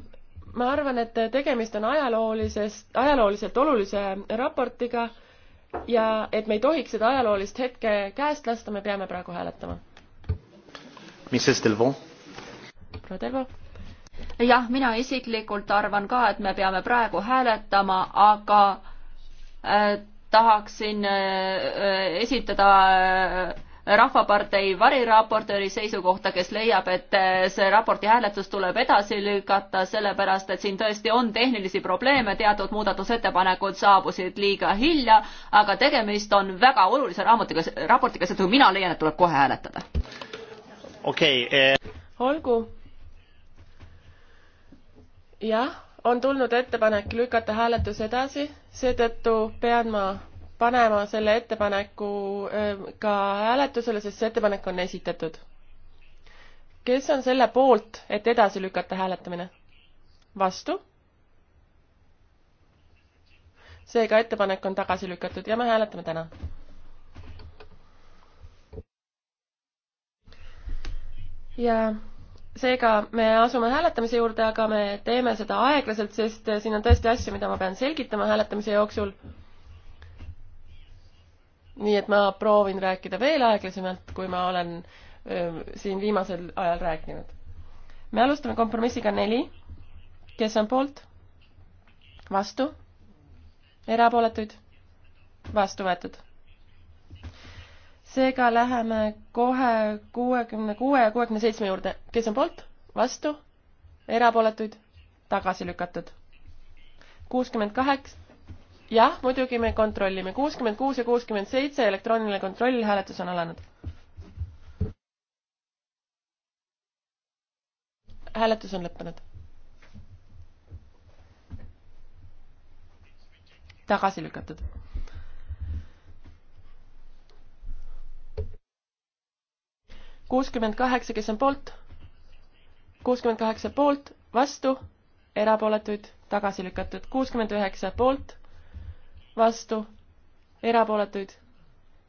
ma arvan, et tegemist on ajaloolisest, ajalooliselt olulise raportiga ja et me ei tohiks seda ajaloolist hetke käest lasta, me peame praegu hääletama. mis sest teil on? proua Tervo? jah, mina isiklikult arvan ka, et me peame praegu hääletama, aga äh, tahaksin äh, esitada äh, rahvapartei variraportööri seisukohta, kes leiab, et äh, see raporti hääletus tuleb edasi lükata, sellepärast et siin tõesti on tehnilisi probleeme, teatud muudatusettepanekud saabusid liiga hilja, aga tegemist on väga olulise raamatuga, raportiga, seetõttu mina leian, et tuleb kohe hääletada. okei okay, eh.... olgu jah, on tulnud ettepanek lükata hääletus edasi, seetõttu pean ma panema selle ettepaneku äh, ka hääletusele, sest see ettepanek on esitatud. kes on selle poolt, et edasi lükata hääletamine? vastu? seega ettepanek on tagasi lükatud ja me hääletame täna. ja seega me asume hääletamise juurde, aga me teeme seda aeglaselt, sest siin on tõesti asju, mida ma pean selgitama hääletamise jooksul. nii et ma proovin rääkida veel aeglasemalt, kui ma olen öö, siin viimasel ajal rääkinud. me alustame kompromissiga neli. kes on poolt? vastu? erapooletuid? vastu võetud seega läheme kohe kuuekümne kuue ja kuuekümne seitsme juurde. kes on poolt, vastu, erapooletuid, tagasi lükatud. kuuskümmend kaheksa, jah, muidugi me kontrollime, kuuskümmend kuus ja kuuskümmend seitse, elektrooniline kontroll, hääletus on alanud. hääletus on lõppenud. tagasi lükatud kuuskümmend kaheksa, kes on poolt? kuuskümmend kaheksa poolt, vastu, erapooletuid, tagasi lükatud. kuuskümmend üheksa poolt, vastu, erapooletuid,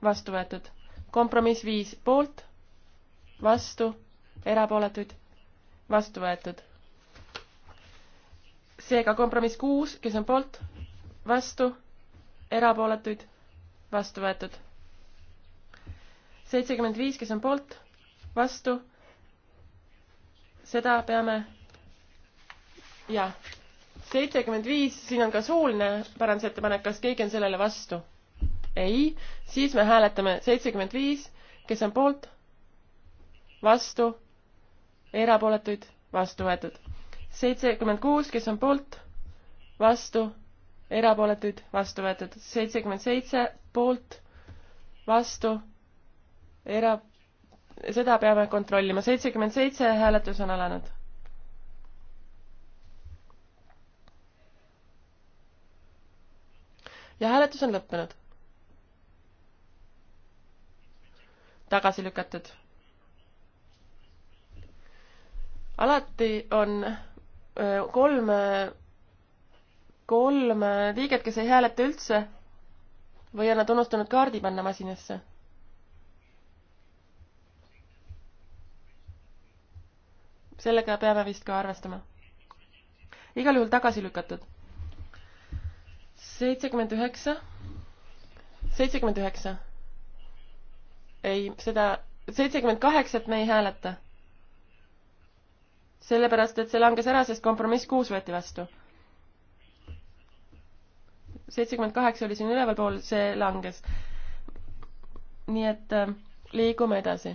vastu võetud. kompromiss viis poolt, vastu, erapooletuid, vastu võetud. seega kompromiss kuus, kes on poolt, vastu, erapooletuid, vastu võetud. seitsekümmend viis, kes on poolt vastu. seda peame. jah, seitsekümmend viis, siin on ka suuline parandusettepanek, kas keegi on sellele vastu? ei, siis me hääletame seitsekümmend viis, kes on poolt, vastu, erapooletuid, vastu võetud. seitsekümmend kuus, kes on poolt, vastu, erapooletuid, vastu võetud. seitsekümmend seitse, poolt, vastu, era-, seda peame kontrollima. seitsekümmend seitse hääletus on alanud. ja hääletus on lõppenud. tagasi lükatud. alati on kolm, kolm liiget, kes ei hääleta üldse või on nad unustanud kaardi panna masinasse sellega peame vist ka arvestama. igal juhul tagasi lükatud. seitsekümmend üheksa, seitsekümmend üheksa. ei, seda, seitsekümmend kaheksat me ei hääleta. sellepärast, et see langes ära, sest kompromiss kuus võeti vastu. seitsekümmend kaheksa oli siin ülevalpool, see langes. nii et äh, liigume edasi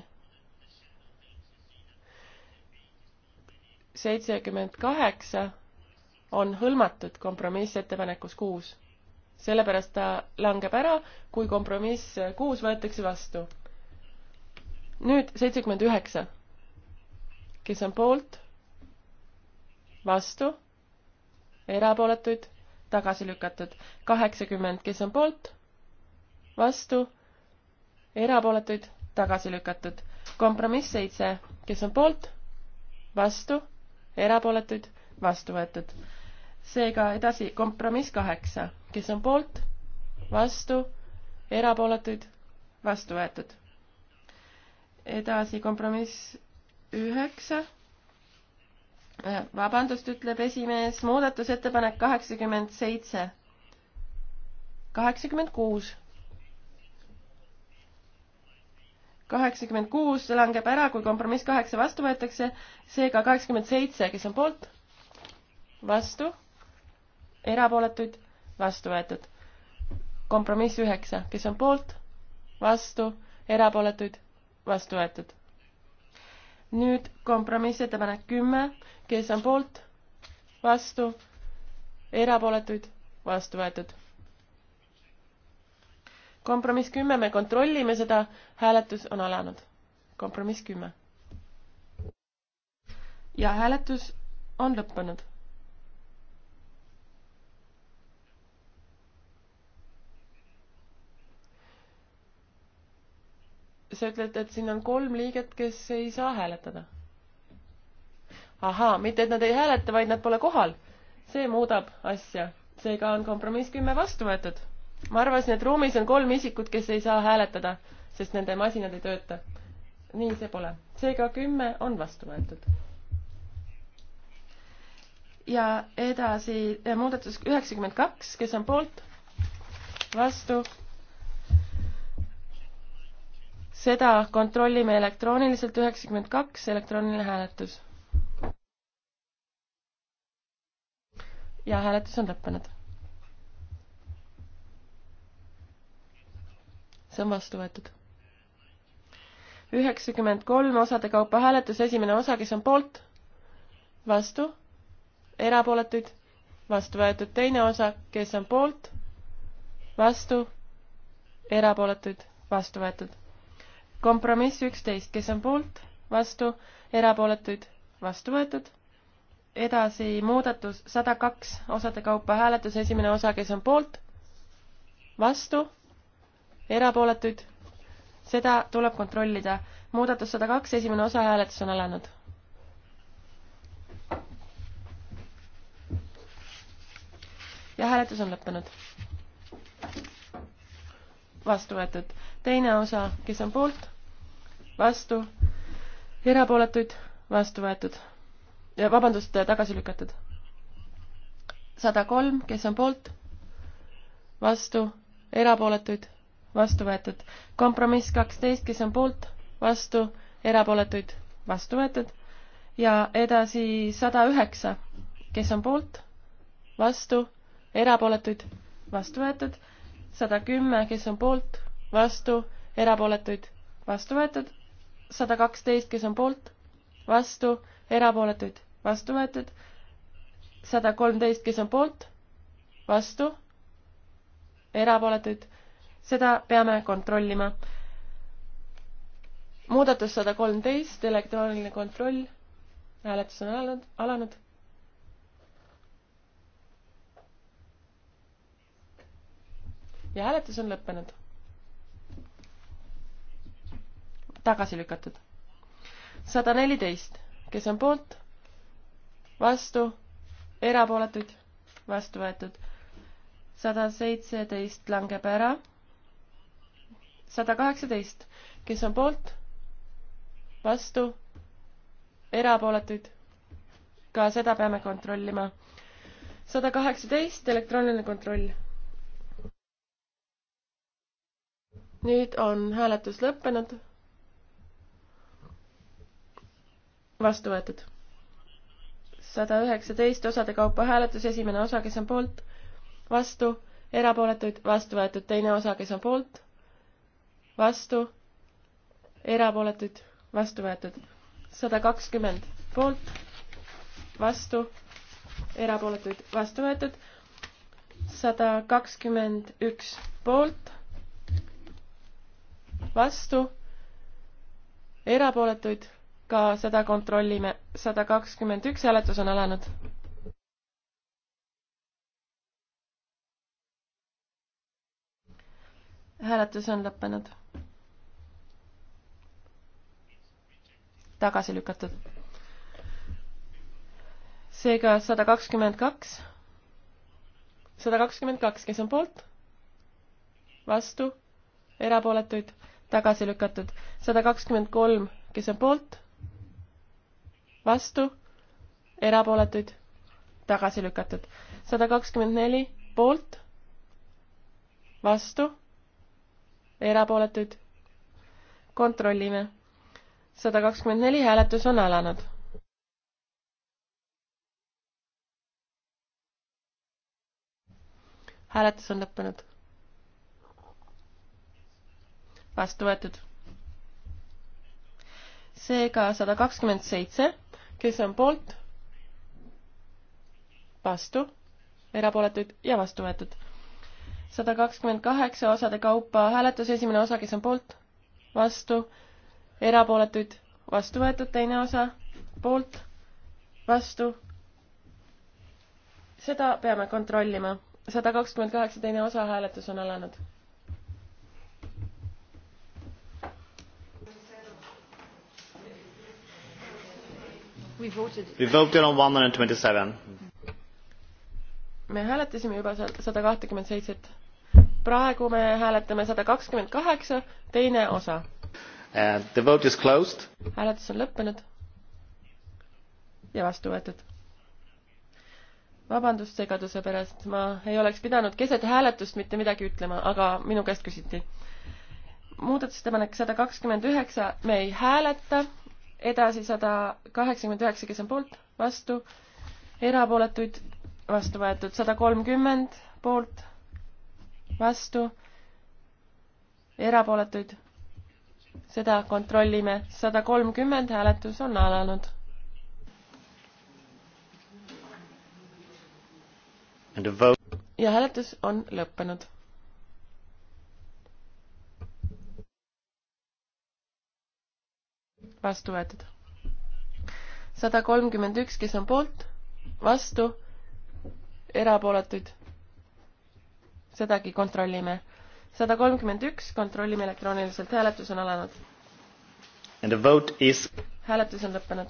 seitsekümmend kaheksa on hõlmatud kompromissettepanekus kuus. sellepärast ta langeb ära, kui kompromiss kuus võetakse vastu. nüüd seitsekümmend üheksa. kes on poolt? vastu? erapooletuid? tagasi lükatud. kaheksakümmend, kes on poolt? vastu? erapooletuid? tagasi lükatud. kompromiss seitse, kes on poolt? vastu? erapooletuid, vastu võetud. seega edasi kompromiss kaheksa, kes on poolt, vastu, erapooletuid, vastu võetud. edasi kompromiss üheksa, äh, vabandust, ütleb esimees, muudatusettepanek kaheksakümmend seitse, kaheksakümmend kuus kaheksakümmend kuus langeb ära, kui kompromiss kaheksa vastu võetakse, seega kaheksakümmend seitse, kes on poolt, vastu, erapooletuid, vastu võetud. kompromiss üheksa, kes on poolt, vastu, erapooletuid, vastu võetud. nüüd kompromissettepanek kümme, kes on poolt, vastu, erapooletuid, vastu võetud kompromiss kümme, me kontrollime seda, hääletus on alanud. kompromiss kümme. ja hääletus on lõppenud. sa ütled, et siin on kolm liiget, kes ei saa hääletada? ahaa, mitte et nad ei hääleta, vaid nad pole kohal. see muudab asja. seega on kompromiss kümme vastu võetud ma arvasin, et ruumis on kolm isikut, kes ei saa hääletada, sest nende masinad ei tööta. nii see pole. seega kümme on vastu võetud. ja edasi eh, muudatus üheksakümmend kaks, kes on poolt, vastu. seda kontrollime elektrooniliselt, üheksakümmend kaks, elektrooniline hääletus. ja hääletus on lõppenud see on vastu võetud. üheksakümmend kolm osade kaupa hääletus, esimene osa, kes on poolt? vastu? erapooletuid? vastu võetud teine osa, kes on poolt? vastu? erapooletuid? vastu võetud. kompromiss üksteist, kes on poolt? vastu? erapooletuid? vastu võetud. edasi muudatus sada kaks osade kaupa hääletus, esimene osa, kes on poolt? vastu? erapooletuid, seda tuleb kontrollida. muudatus sada kaks, esimene osa hääletus on alanud. ja hääletus on lõppenud. vastu võetud. teine osa, kes on poolt, vastu, erapooletuid, vastu võetud. ja vabandust, tagasi lükatud. sada kolm, kes on poolt, vastu, erapooletuid vastu võetud. kompromiss kaksteist, kes on poolt, vastu, erapooletuid, vastu võetud. ja edasi sada üheksa, kes on poolt, vastu, erapooletuid, vastu võetud. sada kümme, kes on poolt, vastu, erapooletuid, vastu võetud. sada kaksteist, kes on poolt, vastu, erapooletuid, vastu võetud. sada kolmteist, kes on poolt, vastu, erapooletuid seda peame kontrollima. muudatus sada kolmteist, elektrooniline kontroll. hääletus on alanud, alanud. ja hääletus on lõppenud. tagasi lükatud. sada neliteist, kes on poolt? vastu, erapooletuid, vastu võetud. sada seitseteist langeb ära sada kaheksateist, kes on poolt, vastu, erapooletuid. ka seda peame kontrollima. sada kaheksateist, elektrooniline kontroll. nüüd on hääletus lõppenud. vastu võetud. sada üheksateist osade kaupa hääletus, esimene osa, kes on poolt, vastu, erapooletuid, vastu võetud, teine osa, kes on poolt vastu, erapooletuid, vastu võetud. sada kakskümmend poolt, vastu, erapooletuid, vastu võetud. sada kakskümmend üks poolt, vastu, erapooletuid, ka seda kontrollime. sada kakskümmend üks hääletus on alanud. hääletus on lõppenud tagasi lükatud. seega sada kakskümmend kaks, sada kakskümmend kaks, kes on poolt, vastu, erapooletuid, tagasi lükatud. sada kakskümmend kolm, kes on poolt, vastu, erapooletuid, tagasi lükatud. sada kakskümmend neli, poolt, vastu, erapooletuid kontrollime sada kakskümmend neli, hääletus on alanud. hääletus on lõppenud. vastu võetud. seega sada kakskümmend seitse, kes on poolt, vastu, erapooletuid ja vastu võetud. sada kakskümmend kaheksa osade kaupa hääletus, esimene osa, kes on poolt, vastu erapooletuid, vastu võetud, teine osa, poolt, vastu. seda peame kontrollima. sada kakskümmend kaheksa, teine osa, hääletus on alanud. We voted. We voted on 127 me hääletasime juba sada kahtekümmend seitset. praegu me hääletame sada kakskümmend kaheksa, teine osa The vote is closed. hääletus on lõppenud ja vastu võetud. vabandust segaduse pärast, ma ei oleks pidanud keset hääletust mitte midagi ütlema, aga minu käest küsiti. muudatusettepanek sada kakskümmend üheksa, me ei hääleta, edasi sada kaheksakümmend üheksa, kes on poolt, vastu, erapooletuid, vastu võetud, sada kolmkümmend poolt, vastu, erapooletuid seda kontrollime. sada kolmkümmend hääletus on alanud. ja hääletus on lõppenud. vastu võetud. sada kolmkümmend üks, kes on poolt, vastu, erapooletuid. sedagi kontrollime sada kolmkümmend üks, kontrollime elektrooniliselt, hääletus on alanud. And the vote is. hääletus on lõppenud.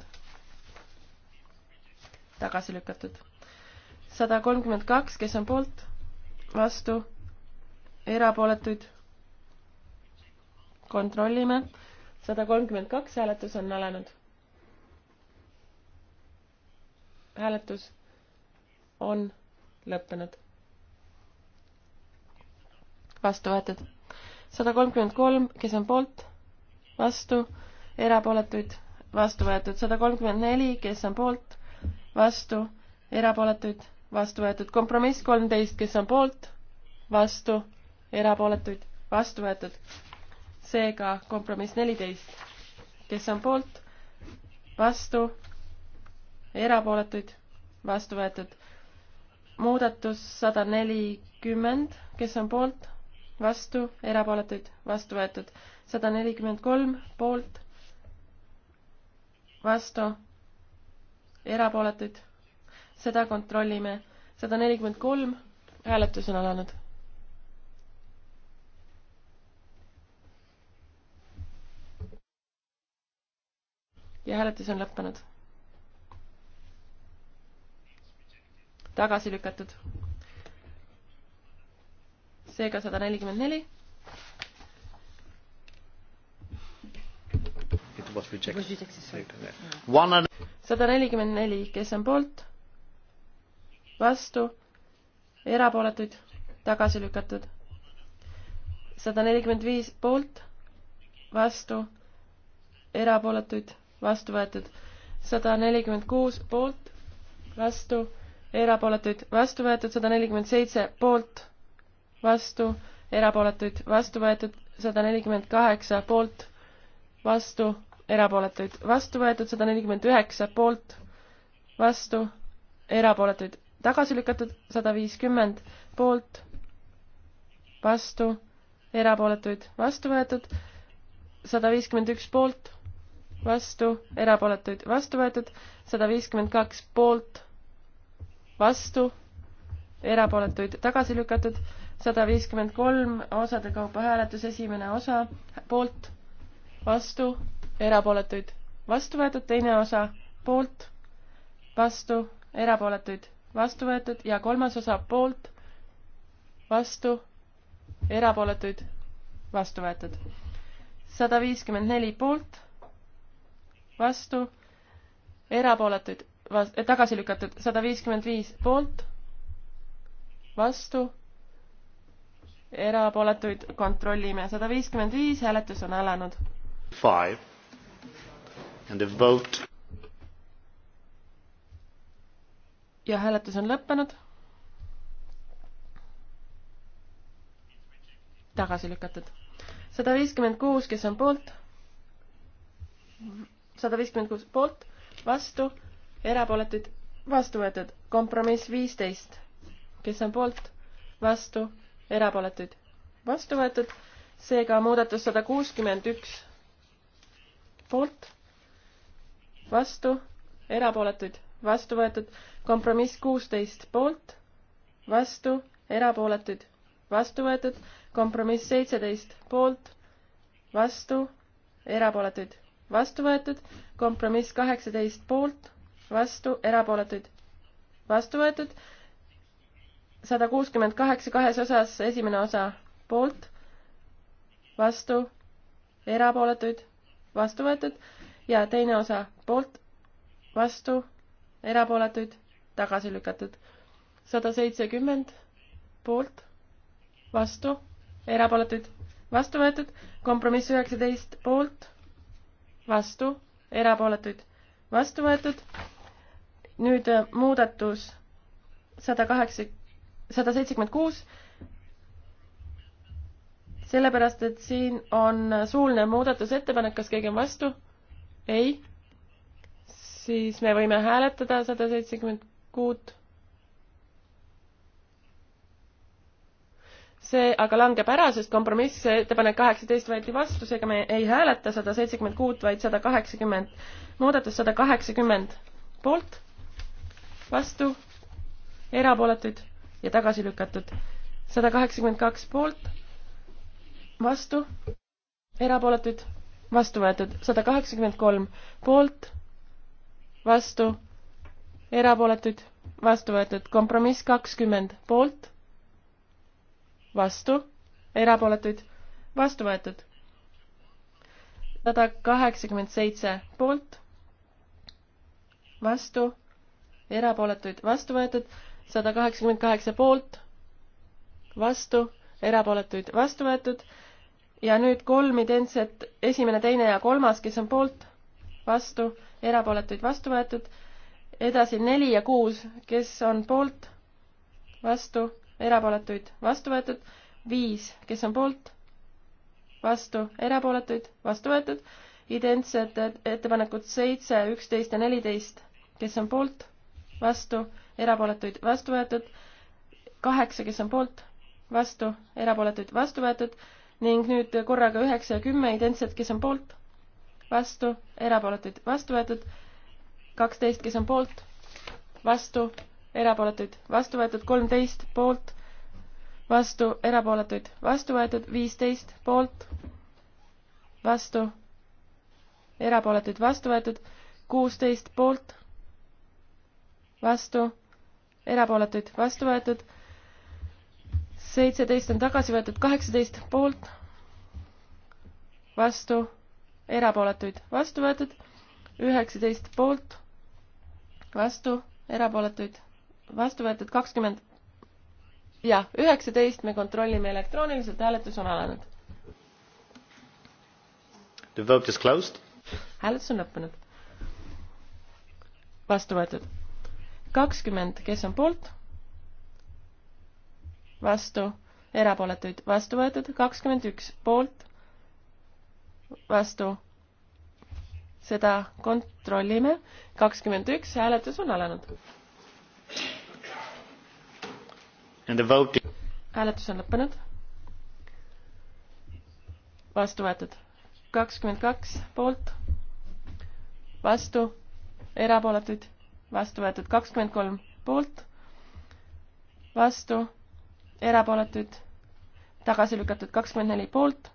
tagasi lükatud. sada kolmkümmend kaks, kes on poolt, vastu, erapooletuid. kontrollime. sada kolmkümmend kaks, hääletus on alanud. hääletus on lõppenud vastu võetud. sada kolmkümmend kolm, kes on poolt, vastu, erapooletuid, vastu võetud. sada kolmkümmend neli, kes on poolt, vastu, erapooletuid, vastu võetud. kompromiss kolmteist, kes on poolt, vastu, erapooletuid, vastu võetud. seega kompromiss neliteist, kes on poolt, vastu, erapooletuid, vastu võetud muudatus sada nelikümmend, kes on poolt, vastu, erapooletuid, vastu võetud. sada nelikümmend kolm poolt, vastu, erapooletuid. seda kontrollime. sada nelikümmend kolm, hääletus on alanud. ja hääletus on lõppenud. tagasi lükatud seega sada nelikümmend neli. sada nelikümmend neli, kes on poolt? vastu? erapooletuid? tagasi lükatud? sada nelikümmend viis poolt? vastu? erapooletuid? vastu võetud? sada nelikümmend kuus poolt? vastu? erapooletuid? vastu võetud? sada nelikümmend seitse poolt? vastu, erapooletuid, vastu võetud sada nelikümmend kaheksa poolt, vastu, erapooletuid, vastu võetud sada nelikümmend üheksa poolt, vastu, erapooletuid, tagasi lükatud sada viiskümmend poolt, vastu, erapooletuid, vastu võetud sada viiskümmend üks poolt, vastu, erapooletuid vastu võetud, sada viiskümmend kaks poolt, vastu, erapooletuid tagasi lükatud, sada viiskümmend kolm osade kaupa hääletus, esimene osa poolt, vastu, erapooletuid, vastu võetud, teine osa poolt, vastu, erapooletuid, vastu võetud ja kolmas osa poolt, vastu, erapooletuid, vastu võetud. sada viiskümmend neli poolt, vastu, erapooletuid, tagasi lükatud, sada viiskümmend viis poolt, vastu erapooletuid kontrollime. sada viiskümmend viis, hääletus on alanud. Five and the vote. ja hääletus on lõppenud. tagasi lükatud. sada viiskümmend kuus, kes on poolt? sada viiskümmend kuus poolt, vastu, erapooletuid, vastu võetud. kompromiss viisteist, kes on poolt, vastu erapooletuid vastu võetud, seega muudatus sada kuuskümmend üks poolt, vastu, erapooletuid vastu võetud, kompromiss kuusteist poolt, vastu, erapooletuid vastu võetud, kompromiss seitseteist poolt, vastu, erapooletuid vastu võetud, kompromiss kaheksateist poolt, vastu, erapooletuid vastu võetud sada kuuskümmend kaheksa kahes osas, esimene osa poolt, vastu, erapooletuid, vastu võetud ja teine osa poolt, vastu, erapooletuid, tagasi lükatud. sada seitsekümmend poolt, vastu, erapooletuid, vastu võetud, kompromiss üheksateist poolt, vastu, erapooletuid, vastu võetud. nüüd äh, muudatus sada kaheksakümmend sada seitsekümmend kuus, sellepärast et siin on suuline muudatusettepanek, kas keegi on vastu? ei? siis me võime hääletada sada seitsekümmend kuut. see aga langeb ära, sest kompromissettepanek kaheksateist võeti vastu, seega me ei hääleta sada seitsekümmend kuut, vaid sada kaheksakümmend. muudatus sada kaheksakümmend poolt, vastu, erapooletuid ja tagasi lükatud. sada kaheksakümmend kaks poolt, vastu, erapooletuid, vastu võetud. sada kaheksakümmend kolm poolt, vastu, erapooletuid, vastu võetud. kompromiss kakskümmend poolt, vastu, erapooletuid, vastu võetud. sada kaheksakümmend seitse poolt vastu, erapooletuid vastu võetud, sada kaheksakümmend kaheksa poolt, vastu, erapooletuid vastu võetud ja nüüd kolm identset, esimene, teine ja kolmas, kes on poolt, vastu, erapooletuid vastu võetud, edasi neli ja kuus, kes on poolt, vastu, erapooletuid vastu võetud, viis, kes on poolt, vastu, erapooletuid vastu võetud, identsed ettepanekud seitse, üksteist ja neliteist, kes on poolt, vastu, erapooletuid, vastu võetud, kaheksa, kes on poolt, vastu, erapooletuid, vastu võetud ning nüüd korraga üheksa ja kümme identsed, kes on poolt, vastu, erapooletuid, vastu võetud, kaksteist, kes on poolt, vastu, erapooletuid, vastu võetud, kolmteist, poolt, vastu, erapooletuid, vastu võetud, viisteist, poolt, vastu, erapooletuid, vastu võetud, kuusteist, poolt, vastu erapooletuid vastu võetud, seitseteist on tagasi võetud, kaheksateist poolt, vastu, erapooletuid vastu võetud, üheksateist poolt, vastu, erapooletuid vastu võetud, kakskümmend jah, üheksateist me kontrollime elektrooniliselt, hääletus on alanud. The vote is closed. hääletus on lõppenud. vastu võetud kakskümmend, kes on poolt? vastu, erapooletuid vastu võetud, kakskümmend üks poolt, vastu. seda kontrollime, kakskümmend üks, hääletus on alanud. hääletus on lõppenud. vastu võetud, kakskümmend kaks poolt, vastu, erapooletuid vastu võetud kakskümmend kolm poolt, vastu, erapooletuid, tagasi lükatud kakskümmend neli poolt,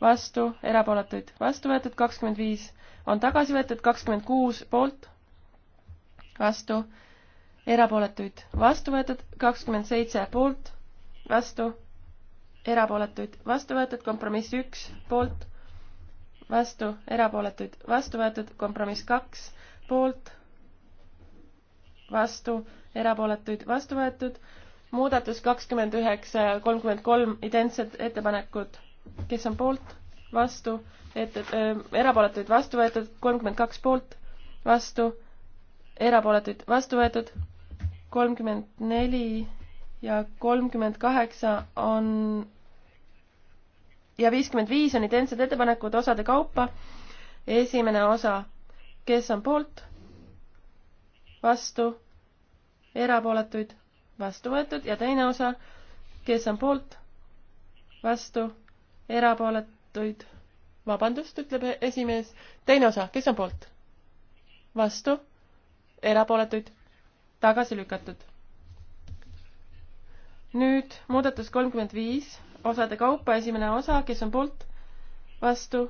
vastu, erapooletuid, vastu võetud kakskümmend viis, on tagasi võetud kakskümmend kuus poolt, vastu, erapooletuid, vastu võetud kakskümmend seitse poolt, vastu, erapooletuid, vastu võetud kompromiss üks poolt, vastu, erapooletuid, vastu võetud kompromiss kaks poolt vastu, erapooletuid vastu võetud. muudatus kakskümmend üheksa ja kolmkümmend kolm identsed ettepanekud, kes on poolt, vastu, et äh, erapooletuid vastu võetud, kolmkümmend kaks poolt, vastu, erapooletuid vastu võetud, kolmkümmend neli ja kolmkümmend kaheksa on ja viiskümmend viis on identsed ettepanekud osade kaupa. esimene osa, kes on poolt vastu, erapooletuid, vastu võetud ja teine osa, kes on poolt, vastu, erapooletuid, vabandust, ütleb esimees, teine osa, kes on poolt, vastu, erapooletuid, tagasi lükatud. nüüd muudatus kolmkümmend viis, osade kaupa, esimene osa, kes on poolt, vastu,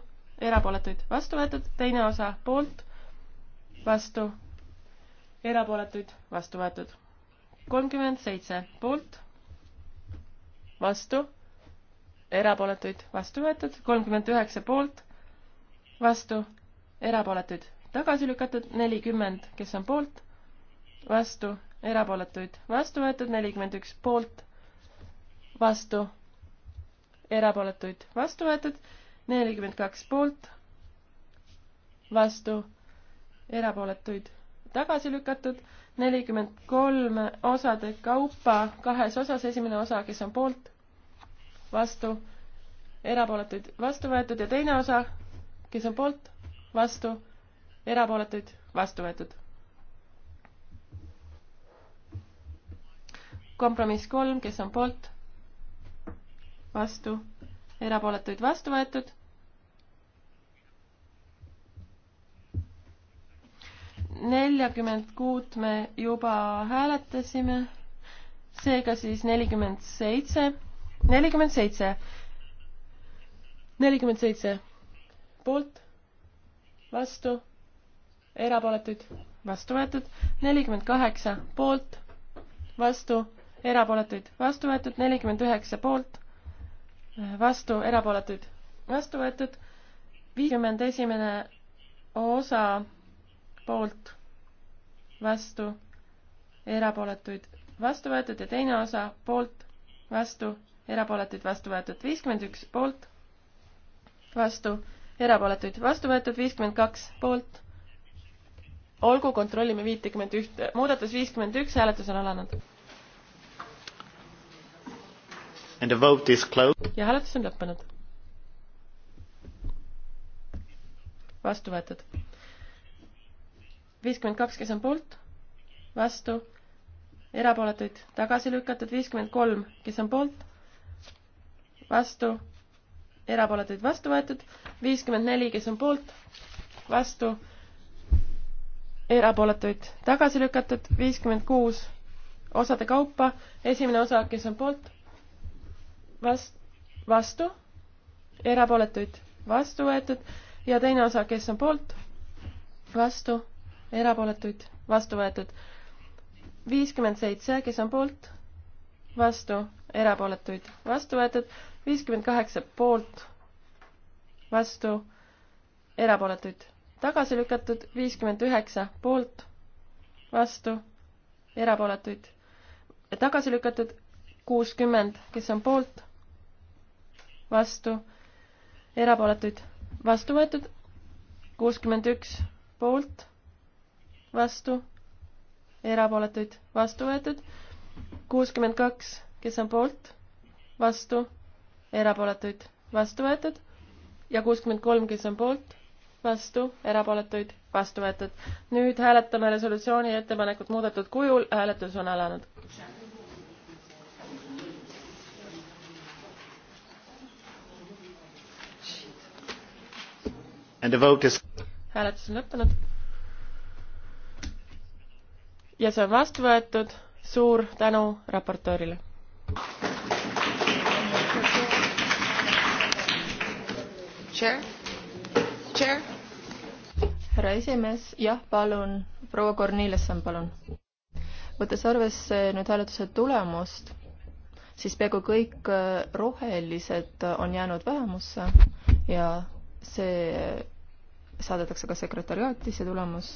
erapooletuid, vastu võetud, teine osa, poolt, vastu, erapooletuid, vastu võetud. kolmkümmend seitse poolt, vastu, erapooletuid, vastu võetud, kolmkümmend üheksa poolt, vastu, erapooletuid, tagasi lükatud, nelikümmend, kes on poolt, vastu, erapooletuid, vastu võetud, nelikümmend üks poolt, vastu, erapooletuid, vastu võetud, nelikümmend kaks poolt, vastu, erapooletuid tagasi lükatud, nelikümmend kolm osade kaupa kahes osas, esimene osa, kes on poolt, vastu, erapooletuid vastu võetud ja teine osa, kes on poolt, vastu, erapooletuid vastu võetud. kompromiss kolm, kes on poolt, vastu, erapooletuid vastu võetud neljakümmend kuut me juba hääletasime, seega siis nelikümmend seitse, nelikümmend seitse, nelikümmend seitse poolt, vastu, erapooletuid, vastu võetud, nelikümmend kaheksa poolt, vastu, erapooletuid, vastu võetud, nelikümmend üheksa poolt, vastu, erapooletuid, vastu võetud, viiskümmend esimene osa poolt, vastu, erapooletuid vastu võetud ja teine osa poolt, vastu, erapooletuid vastu võetud, viiskümmend üks poolt, vastu, erapooletuid vastu võetud, viiskümmend kaks poolt. olgu, kontrollime viitekümmet ühte, muudatus viiskümmend üks, hääletus on alanud. ja hääletus on lõppenud. vastu võetud viiskümmend kaks, kes on poolt, vastu, erapooletuid tagasi lükatud, viiskümmend kolm, kes on poolt, vastu, erapooletuid vastu võetud, viiskümmend neli, kes on poolt, vastu, erapooletuid tagasi lükatud, viiskümmend kuus, osade kaupa, esimene osa, kes on poolt, vast-, vastu, erapooletuid vastu võetud ja teine osa, kes on poolt, vastu erapooletuid, vastu võetud. viiskümmend seitse, kes on poolt, vastu, erapooletuid, vastu võetud. viiskümmend kaheksa poolt, vastu, erapooletuid, tagasi lükatud. viiskümmend üheksa poolt, vastu, erapooletuid, tagasi lükatud. kuuskümmend, kes on poolt, vastu, erapooletuid, vastu võetud. kuuskümmend üks poolt vastu, erapooletuid vastu võetud, kuuskümmend kaks, kes on poolt, vastu, erapooletuid vastu võetud ja kuuskümmend kolm, kes on poolt, vastu, erapooletuid vastu võetud. nüüd hääletame resolutsiooni ettepanekut muudetud kujul, hääletus on alanud. Is... hääletus on lõppenud ja see on vastu võetud. suur tänu raportöörile. härra esimees, jah, palun, proua Kornilesson, palun. võttes arvesse nüüd hääletuse tulemust, siis peaaegu kõik äh, rohelised on jäänud vähemusse ja see saadetakse ka sekretäriaati, see tulemus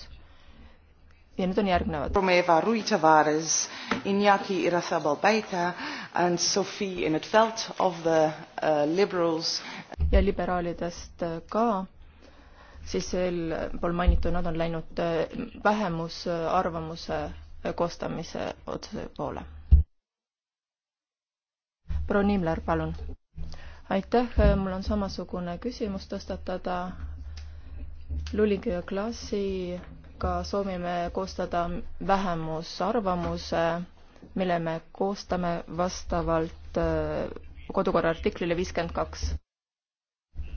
ja need on järgnevad. Romeva Ruitavares, Iñaki Irasabal-Baita and Sophie Inetveld of the uh, Liberals. ja liberaalidest uh, ka, siis eelpool äh, mainitu, nad on läinud äh, vähemusarvamuse äh, koostamise otsuse poole. proua Niimler, palun. aitäh, mul on samasugune küsimus tõstatada Lulingi klassi ka soovime koostada vähemusarvamuse, mille me koostame vastavalt äh, kodukorra artiklile viiskümmend kaks.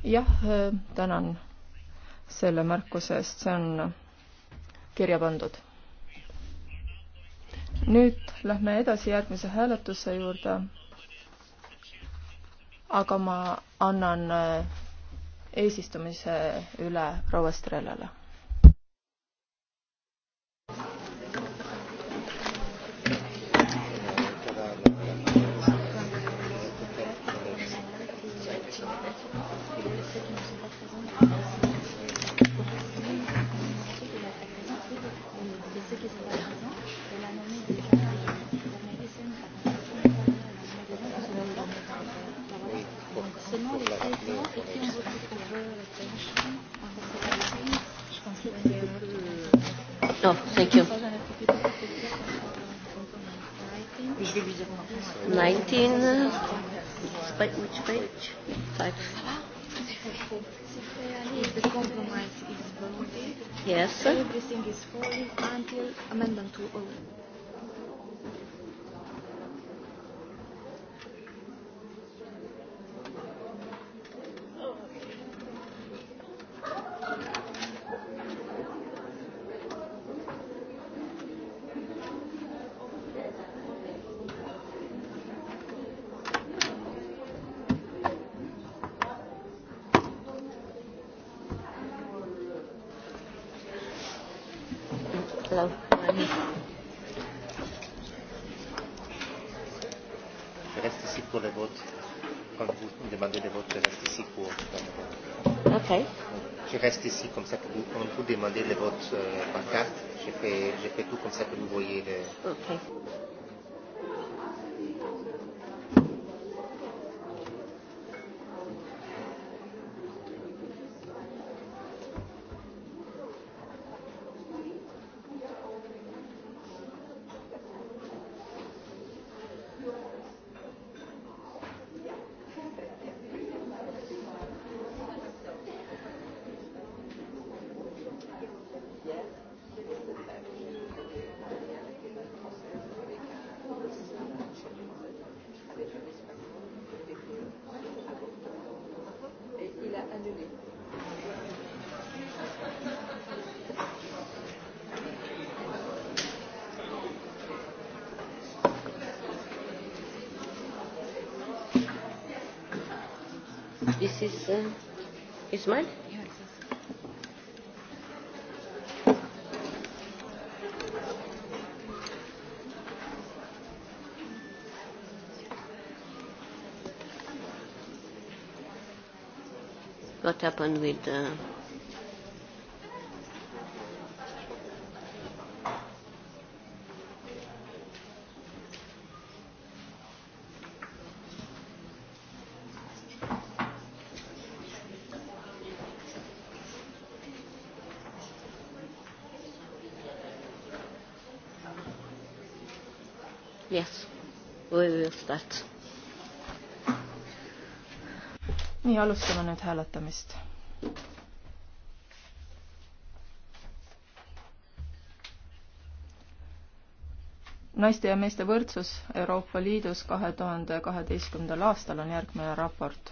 jah, äh, tänan selle märkuse eest, see on kirja pandud. nüüd lähme edasi järgmise hääletuse juurde. aga ma annan äh, eesistumise üle proua Estrelale No, thank you. 19, which page? Five. Yes. Everything is falling until amendment 208. euh, pancarte. J'ai fait, j'ai fait tout comme ça que vous voyez. Le... Okay. This is uh, Ismail? Yes. What happened with uh, ja alustame nüüd hääletamist. naiste ja meeste võrdsus Euroopa Liidus kahe tuhande kaheteistkümnendal aastal on järgmine raport.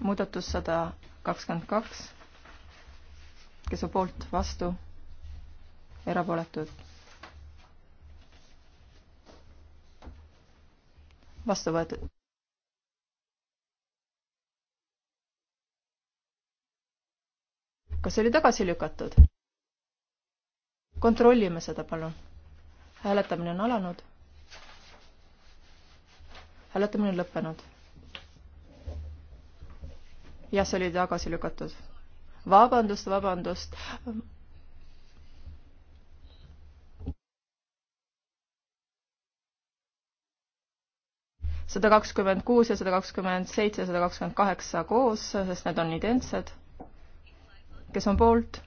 muudatus sada kakskümmend kaks, kes on poolt, vastu, erapooletud vastu võetud. kas see oli tagasi lükatud? kontrollime seda, palun. hääletamine on alanud. hääletamine on lõppenud. jah, see oli tagasi lükatud. vabandust, vabandust sada kakskümmend kuus ja sada kakskümmend seitse ja sada kakskümmend kaheksa koos, sest need on identsed. kes on poolt,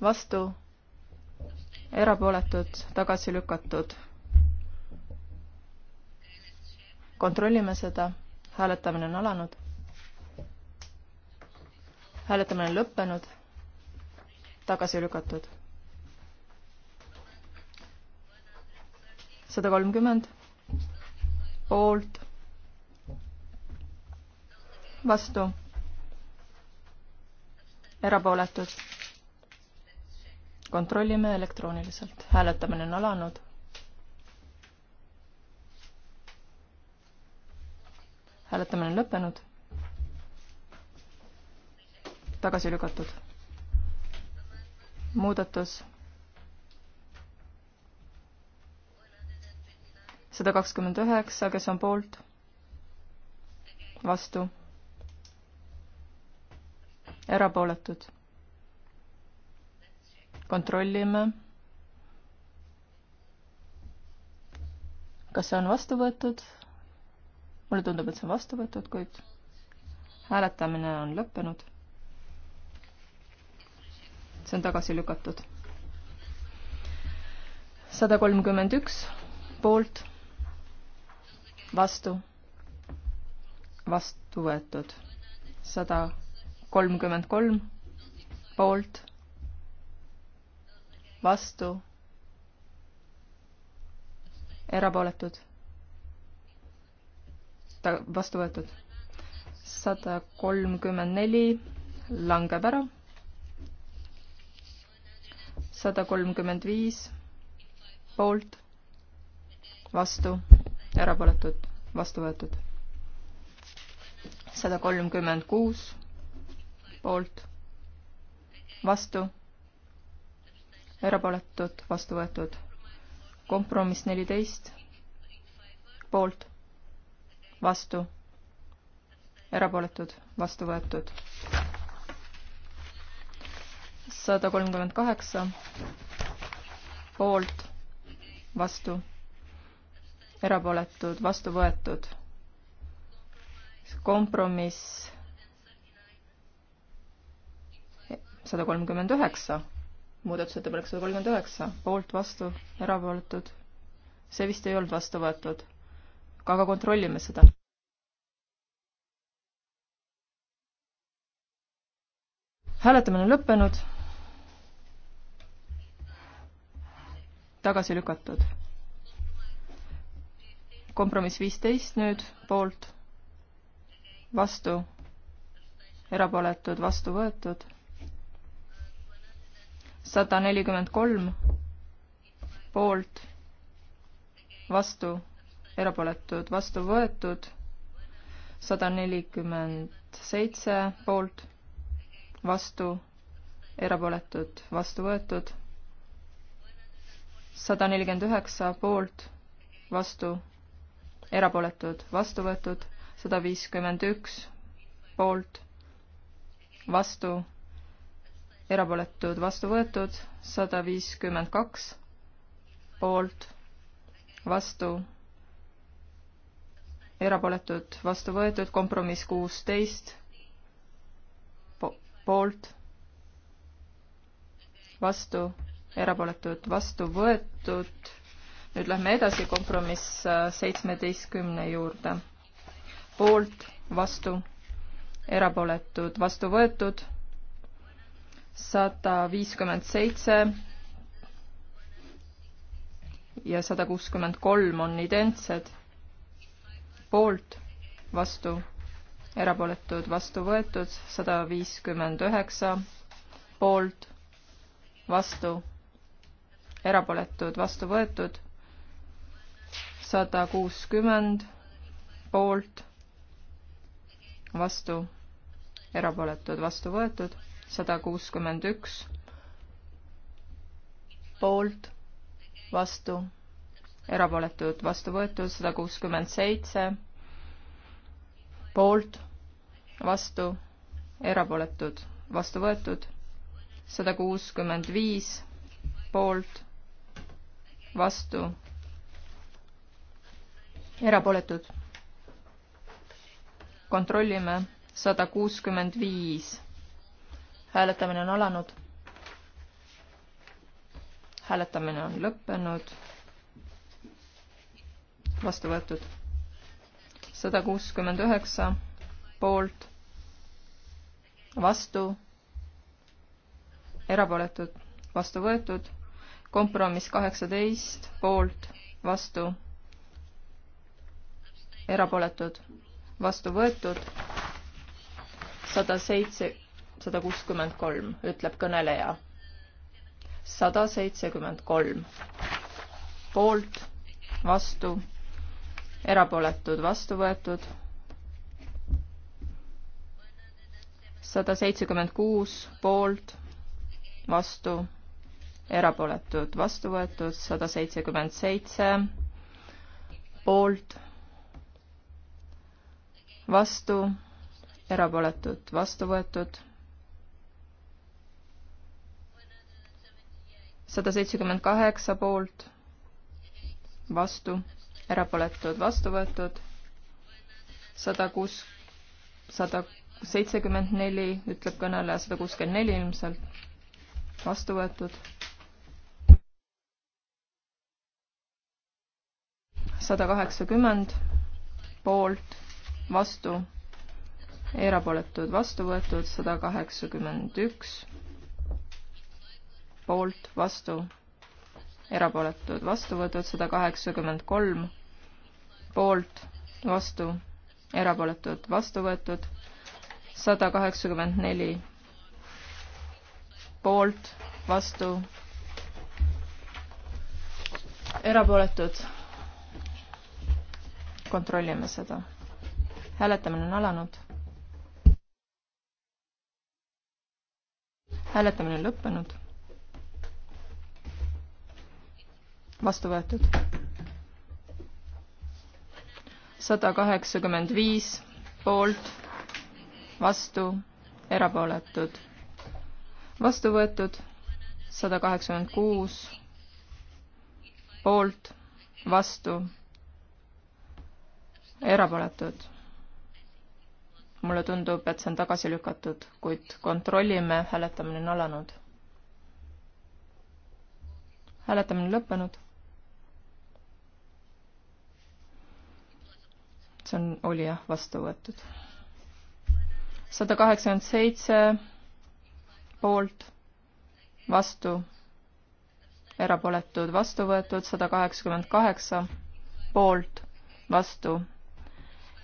vastu, erapooletud, tagasi lükatud. kontrollime seda, hääletamine on alanud. hääletamine on lõppenud, tagasi lükatud. sada kolmkümmend poolt, vastu, erapooletud. kontrollime elektrooniliselt, hääletamine on alanud. hääletamine on lõppenud. tagasi lükatud. muudatus sada kakskümmend üheksa, kes on poolt? vastu? erapooletud? kontrollime. kas see on vastu võetud? mulle tundub, et see on vastu võetud, kuid hääletamine on lõppenud. see on tagasi lükatud. sada kolmkümmend üks poolt vastu, vastu võetud. sada kolmkümmend kolm poolt, vastu, erapooletud, ta vastu võetud. sada kolmkümmend neli langeb ära. sada kolmkümmend viis poolt, vastu erapooletud, vastu võetud. sada kolmkümmend kuus poolt, vastu, erapooletud, vastu võetud. kompromiss neliteist poolt, vastu, erapooletud, vastu võetud. sada kolmkümmend kaheksa poolt, vastu erapooletud, vastu võetud. kompromiss sada kolmkümmend üheksa, muudatusettepanek sada kolmkümmend üheksa, poolt, vastu, erapooletud. see vist ei olnud vastu võetud, aga kontrollime seda. hääletamine on lõppenud. tagasi lükatud kompromiss viisteist nüüd poolt, vastu, erapooletud, vastu võetud. sada nelikümmend kolm poolt, vastu, erapooletud, vastu võetud. sada nelikümmend seitse poolt, vastu, erapooletud, vastu võetud. sada nelikümmend üheksa poolt, vastu erapooletud, vastu võetud, sada viiskümmend üks poolt, vastu, erapooletud, vastu võetud, sada viiskümmend kaks poolt, vastu, erapooletud, vastu võetud, kompromiss kuusteist po poolt, vastu, erapooletud, vastu võetud nüüd lähme edasi, kompromiss äh, seitsmeteistkümne juurde. poolt, vastu, erapooletud, vastu võetud, sada viiskümmend seitse ja sada kuuskümmend kolm on identsed. poolt, vastu, erapooletud, vastu võetud, sada viiskümmend üheksa, poolt, vastu, erapooletud, vastu võetud, sada kuuskümmend poolt, vastu, erapooletud, vastu võetud, sada kuuskümmend üks poolt, vastu, erapooletud, vastu võetud, sada kuuskümmend seitse poolt, vastu, erapooletud, vastu võetud, sada kuuskümmend viis poolt, vastu erapooletud. kontrollime, sada kuuskümmend viis. hääletamine on alanud. hääletamine on lõppenud. vastu võetud. sada kuuskümmend üheksa poolt, vastu, erapooletud, vastu võetud kompromiss kaheksateist poolt, vastu erapooletud, vastu võetud, sada seitse, sada kuuskümmend kolm, ütleb kõneleja. sada seitsekümmend kolm. poolt, vastu, erapooletud, vastu võetud, sada seitsekümmend kuus, poolt, vastu erapooletud vastu võetud sada seitsekümmend seitse, poolt, vastu, erapooletud, vastu võetud. sada seitsekümmend kaheksa poolt, vastu, erapooletud, vastu võetud. sada kuus, sada seitsekümmend neli, ütleb kõneleja, sada kuuskümmend neli ilmselt, vastu võetud. sada kaheksakümmend poolt vastu, erapooletud vastu võetud sada kaheksakümmend üks, poolt, vastu, erapooletud vastu võetud sada kaheksakümmend kolm, poolt, vastu, erapooletud vastu võetud sada kaheksakümmend neli, poolt, vastu, erapooletud kontrollime seda hääletamine on alanud. hääletamine on lõppenud. vastu võetud. sada kaheksakümmend viis poolt, vastu, erapooletud. vastu võetud sada kaheksakümmend kuus poolt, vastu, erapooletud mulle tundub, et see on tagasi lükatud, kuid kontrollime, hääletamine on alanud. hääletamine lõppenud. see on, oli jah, vastu võetud. sada kaheksakümmend seitse poolt, vastu, erapooletud, vastu võetud, sada kaheksakümmend kaheksa poolt, vastu,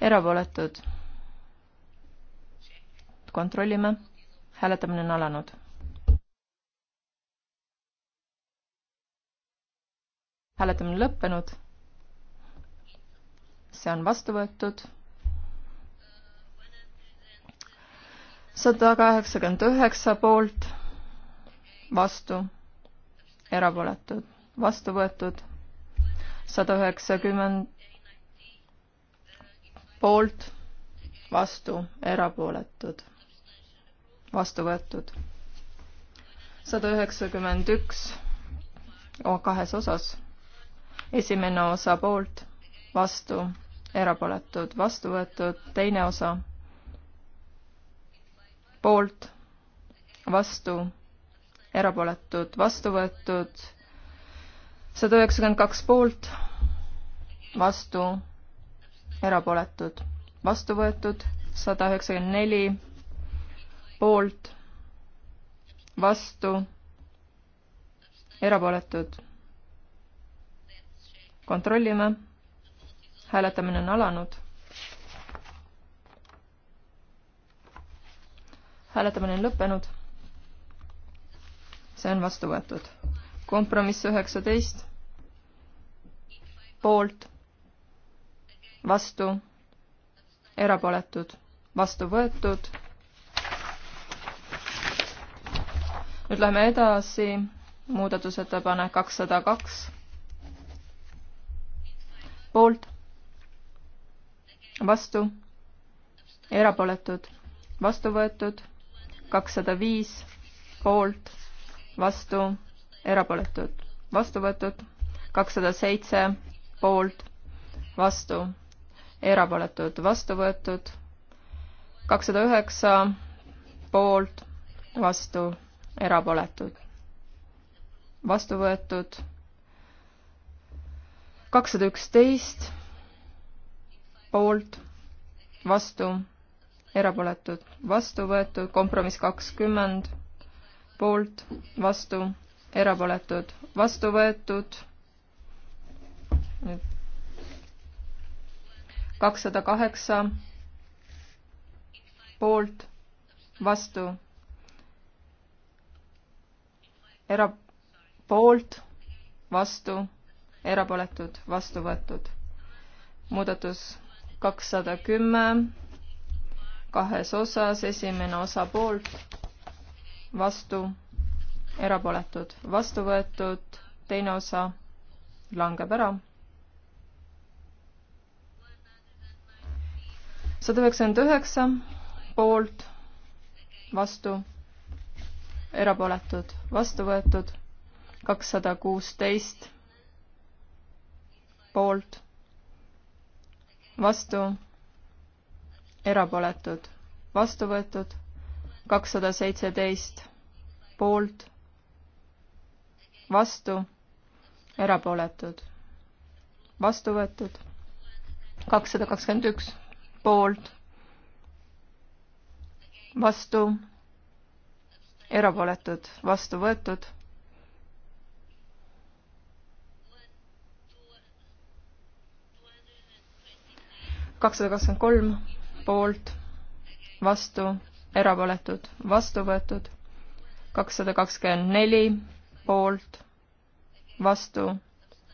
erapooletud kontrollime, hääletamine on alanud. hääletamine lõppenud. see on vastu võetud. sada kaheksakümmend üheksa poolt, vastu, erapooletud, vastu võetud, sada üheksakümmend poolt, vastu, erapooletud vastu võetud. sada üheksakümmend üks kahes osas. esimene osa poolt, vastu, erapooletud, vastu võetud, teine osa poolt, vastu, erapooletud, vastu võetud, sada üheksakümmend kaks poolt, vastu, erapooletud, vastu võetud, sada üheksakümmend neli poolt, vastu, erapooletud. kontrollime. hääletamine on alanud. hääletamine on lõppenud. see on vastu võetud. kompromiss üheksateist, poolt, vastu, erapooletud, vastu võetud nüüd läheme edasi, muudatusettepanek kakssada kaks. poolt, vastu, erapooletud, vastu võetud, kakssada viis, poolt, vastu, erapooletud, vastu võetud, kakssada seitse, poolt, vastu, erapooletud, vastu võetud, kakssada üheksa, poolt, vastu erapooletud, vastu võetud kakssada üksteist poolt, vastu, erapooletud, vastu võetud, kompromiss kakskümmend poolt, vastu, erapooletud, vastu võetud. nüüd kakssada kaheksa poolt, vastu era-, poolt, vastu, erapooletud, vastu võetud. muudatus kakssada kümme, kahes osas, esimene osa poolt, vastu, erapooletud, vastu võetud, teine osa langeb ära. sada üheksakümmend üheksa, poolt, vastu erapooletud, vastu võetud, kakssada kuusteist poolt, vastu, erapooletud, vastu võetud, kakssada seitseteist poolt, vastu, erapooletud, vastu võetud, kakssada kakskümmend üks poolt, vastu erapooletud, vastu võetud. kakssada kakskümmend kolm poolt, vastu, erapooletud, vastu võetud. kakssada kakskümmend neli poolt, vastu,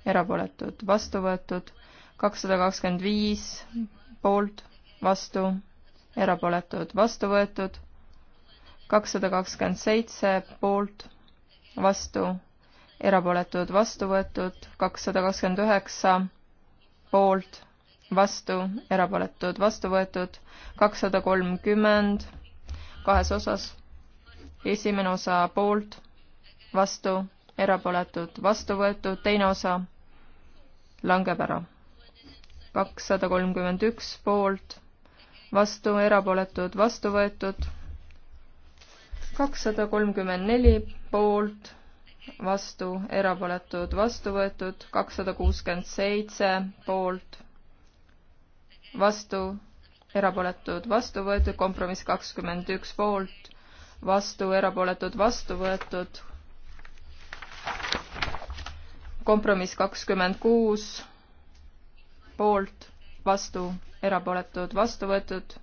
erapooletud, vastu võetud. kakssada kakskümmend viis poolt, vastu, erapooletud, vastu võetud kakssada kakskümmend seitse poolt, vastu, erapooletud, vastu võetud, kakssada kakskümmend üheksa poolt, vastu, erapooletud, vastu võetud, kakssada kolmkümmend kahes osas, esimene osa poolt, vastu, erapooletud, vastu võetud, teine osa langeb ära. kakssada kolmkümmend üks poolt, vastu, erapooletud, vastu võetud kakssada kolmkümmend neli poolt, vastu, erapooletud, vastu võetud, kakssada kuuskümmend seitse poolt, vastu, erapooletud, vastu võetud, kompromiss kakskümmend üks poolt, vastu, erapooletud, vastu võetud, kompromiss kakskümmend kuus poolt, vastu, erapooletud, vastu võetud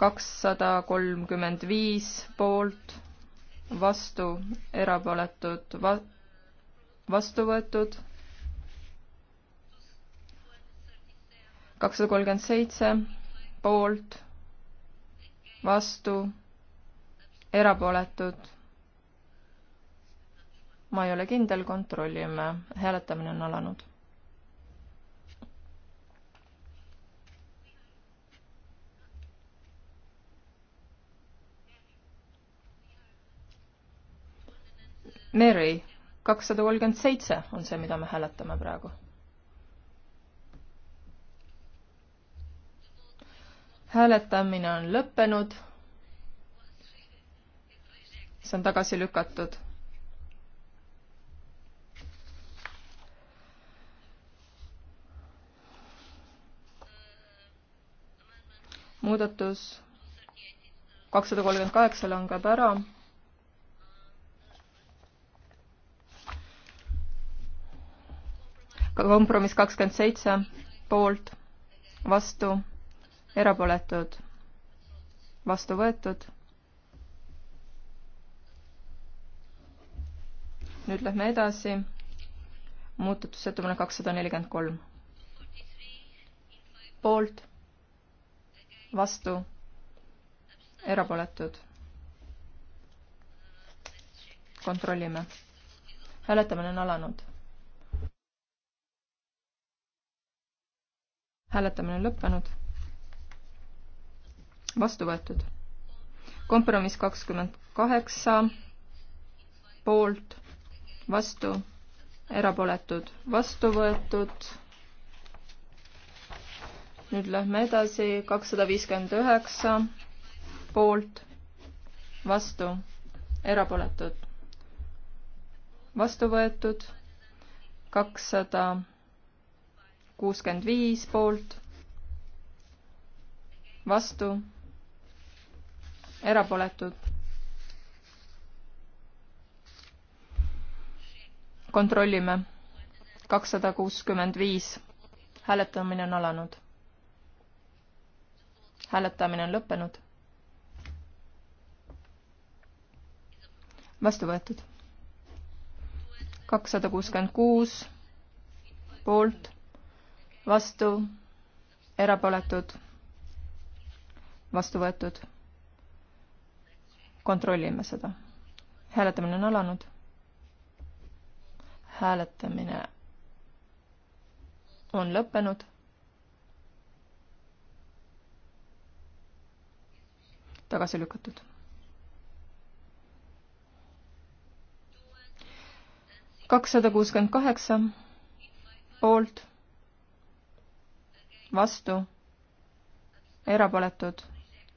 kakssada kolmkümmend viis poolt, vastu, erapooletud, va-, vastu võetud. kakssada kolmkümmend seitse poolt, vastu, erapooletud. ma ei ole kindel, kontrollime, hääletamine on alanud Mary, kakssada kolmkümmend seitse on see, mida me hääletame praegu. hääletamine on lõppenud. see on tagasi lükatud. muudatus kakssada kolmkümmend kaheksa langeb ära kompromiss kakskümmend seitse poolt, vastu, erapooletud, vastu võetud. nüüd lähme edasi. muudatusettepanek kakssada nelikümmend kolm. poolt, vastu, erapooletud. kontrollime. hääletamine on alanud. hääletamine on lõppenud. vastu võetud. kompromiss kakskümmend kaheksa, poolt, vastu, erapooletud, vastu võetud. nüüd lähme edasi, kakssada viiskümmend üheksa, poolt, vastu, erapooletud, vastu võetud, kakssada 200 kuuskümmend viis poolt, vastu, erapooletud. kontrollime. kakssada kuuskümmend viis. hääletamine on alanud. hääletamine on lõppenud. vastu võetud. kakssada kuuskümmend kuus poolt vastu, erapooletud, vastu võetud. kontrollime seda. hääletamine on alanud. hääletamine on lõppenud. tagasi lükatud. kakssada kuuskümmend kaheksa poolt vastu, erapooletud,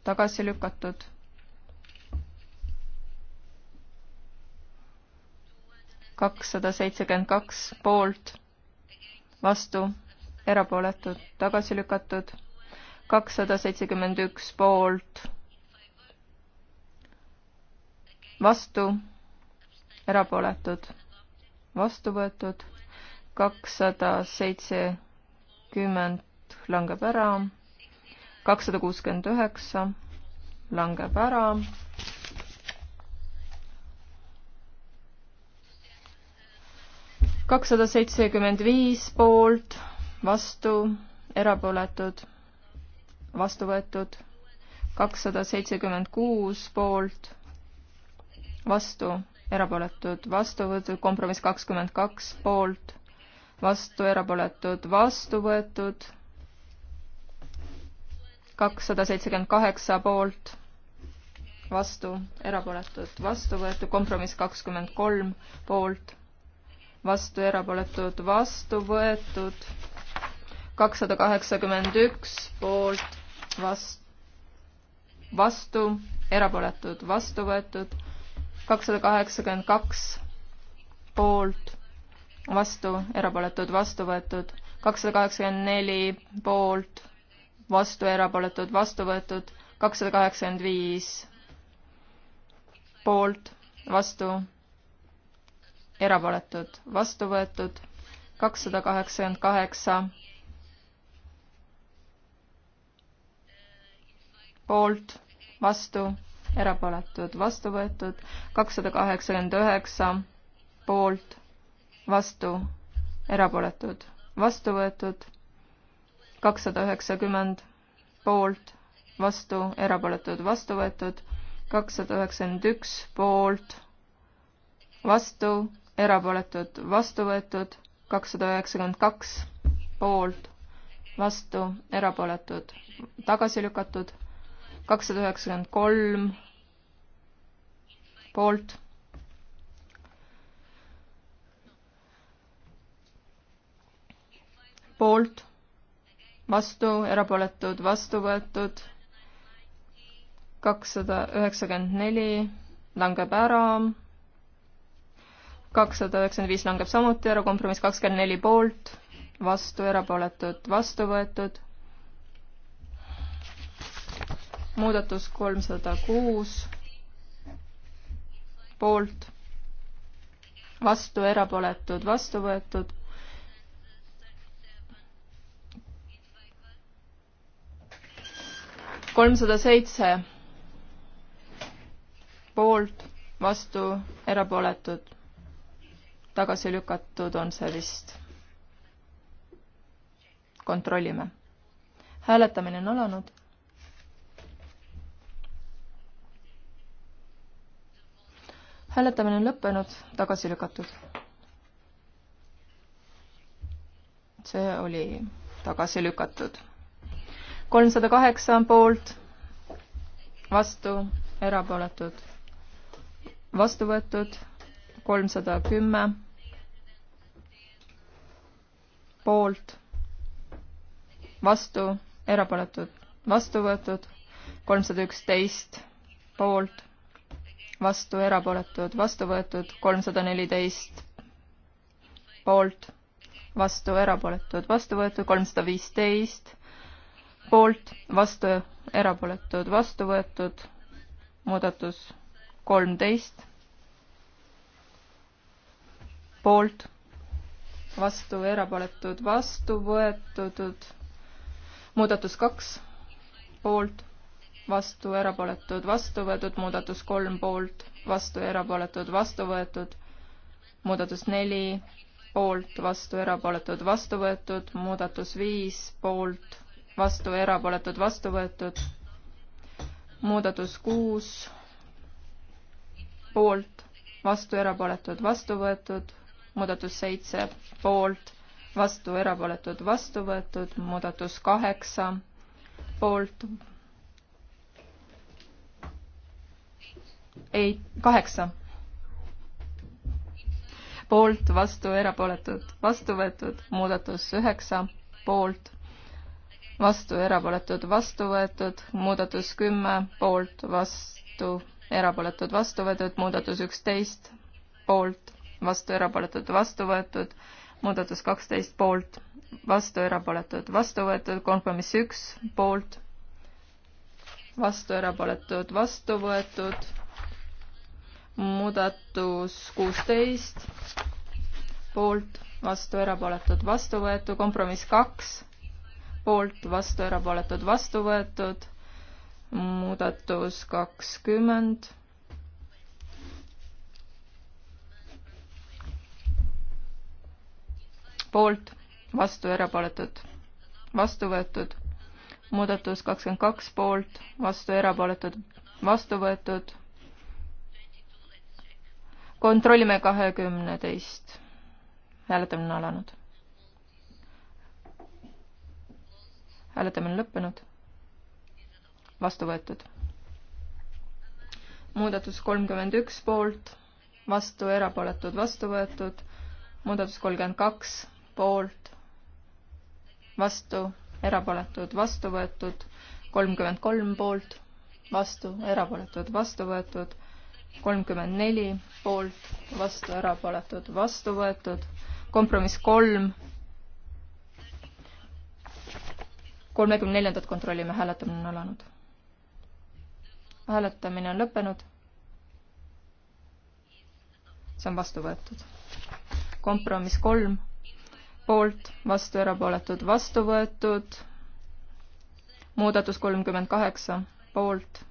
tagasi lükatud. kakssada seitsekümmend kaks poolt, vastu, erapooletud, tagasi lükatud. kakssada seitsekümmend üks poolt, vastu, erapooletud, vastu võetud. kakssada seitsekümmend langeb ära, kakssada kuuskümmend üheksa langeb ära. kakssada seitsekümmend viis poolt, vastu, erapooletud, vastu võetud, kakssada seitsekümmend kuus poolt, vastu, erapooletud, vastu võetud, kompromiss kakskümmend kaks poolt, vastu, erapooletud, vastu võetud kakssada seitsekümmend kaheksa poolt, vastu, erapooletud, vastu võetud, kompromiss kakskümmend kolm poolt, vastu, erapooletud, vastu võetud, kakssada kaheksakümmend üks poolt, vastu, vastu, erapooletud, vastu võetud, kakssada kaheksakümmend kaks poolt, vastu, erapooletud, vastu võetud, kakssada kaheksakümmend neli poolt vastu, erapooletud, vastu võetud, kakssada kaheksakümmend viis poolt, vastu, erapooletud, vastu võetud, kakssada kaheksakümmend kaheksa poolt, vastu, erapooletud, vastu võetud, kakssada kaheksakümmend üheksa poolt, vastu, erapooletud, vastu võetud kakssada üheksakümmend poolt, vastu, erapooletud, vastu võetud, kakssada üheksakümmend üks poolt, vastu, erapooletud, vastu võetud, kakssada üheksakümmend kaks poolt, vastu, erapooletud, tagasi lükatud, kakssada üheksakümmend kolm poolt poolt, vastu, erapooletud, vastu võetud. kakssada üheksakümmend neli langeb ära. kakssada üheksakümmend viis langeb samuti ära, kompromiss kakskümmend neli poolt, vastu, erapooletud, vastu võetud. muudatus kolmsada kuus poolt, vastu, erapooletud, vastu võetud kolmsada seitse poolt, vastu, erapooletud, tagasi lükatud on see vist. kontrollime. hääletamine on alanud. hääletamine on lõppenud, tagasi lükatud. see oli tagasi lükatud kolmsada kaheksa on poolt, vastu, erapooletud, vastu võetud, kolmsada kümme, poolt, vastu, erapooletud, vastu võetud, kolmsada üksteist, poolt, vastu, erapooletud, vastu võetud, kolmsada neliteist, poolt, vastu, erapooletud, vastu võetud, kolmsada viisteist poolt, vastu, erapooletud, vastu võetud, muudatus kolmteist, poolt, vastu, erapooletud, vastu võetud, muudatus kaks, poolt, vastu, erapooletud, vastu võetud, muudatus kolm, poolt, vastu, erapooletud, vastu võetud, muudatus neli, poolt, vastu, erapooletud, vastu võetud, muudatus viis, poolt, vastu, erapooletud, vastu võetud. muudatus kuus, poolt, vastu, erapooletud, vastu võetud. muudatus seitse, poolt, vastu, erapooletud, vastu võetud. muudatus kaheksa, poolt. ei, kaheksa poolt, vastu, erapooletud, vastu võetud, muudatus üheksa, poolt, vastu, erapooletud, vastu võetud, muudatus kümme, poolt, vastu, erapooletud, vastu võetud, muudatus üksteist, poolt, vastu, erapooletud, vastu võetud, muudatus kaksteist, poolt, vastu, erapooletud, vastu võetud, kompromiss üks, poolt, vastu, erapooletud, vastu võetud, muudatus kuusteist, poolt, vastu, erapooletud, vastu võetud, kompromiss kaks poolt, vastu, erapooletud, vastu võetud. muudatus kakskümmend. poolt, vastu, erapooletud, vastu võetud. muudatus kakskümmend kaks poolt, vastu, erapooletud, vastu võetud. kontrollime kahekümne teist. hääletamine on alanud hääletamine on lõppenud. vastu võetud. muudatus kolmkümmend üks poolt, vastu, erapooletud, vastu võetud. muudatus kolmkümmend kaks poolt, vastu, erapooletud, vastu võetud. kolmkümmend kolm poolt, vastu, erapooletud, vastu võetud kolmkümmend neli poolt, vastu erapooletud, vastu võetud. kompromiss kolm kolmekümne neljandat kontrollime, hääletamine on alanud. hääletamine on lõppenud. see on vastu võetud. kompromiss kolm, poolt, vastu, erapooletud, vastu võetud. muudatus kolmkümmend kaheksa, poolt,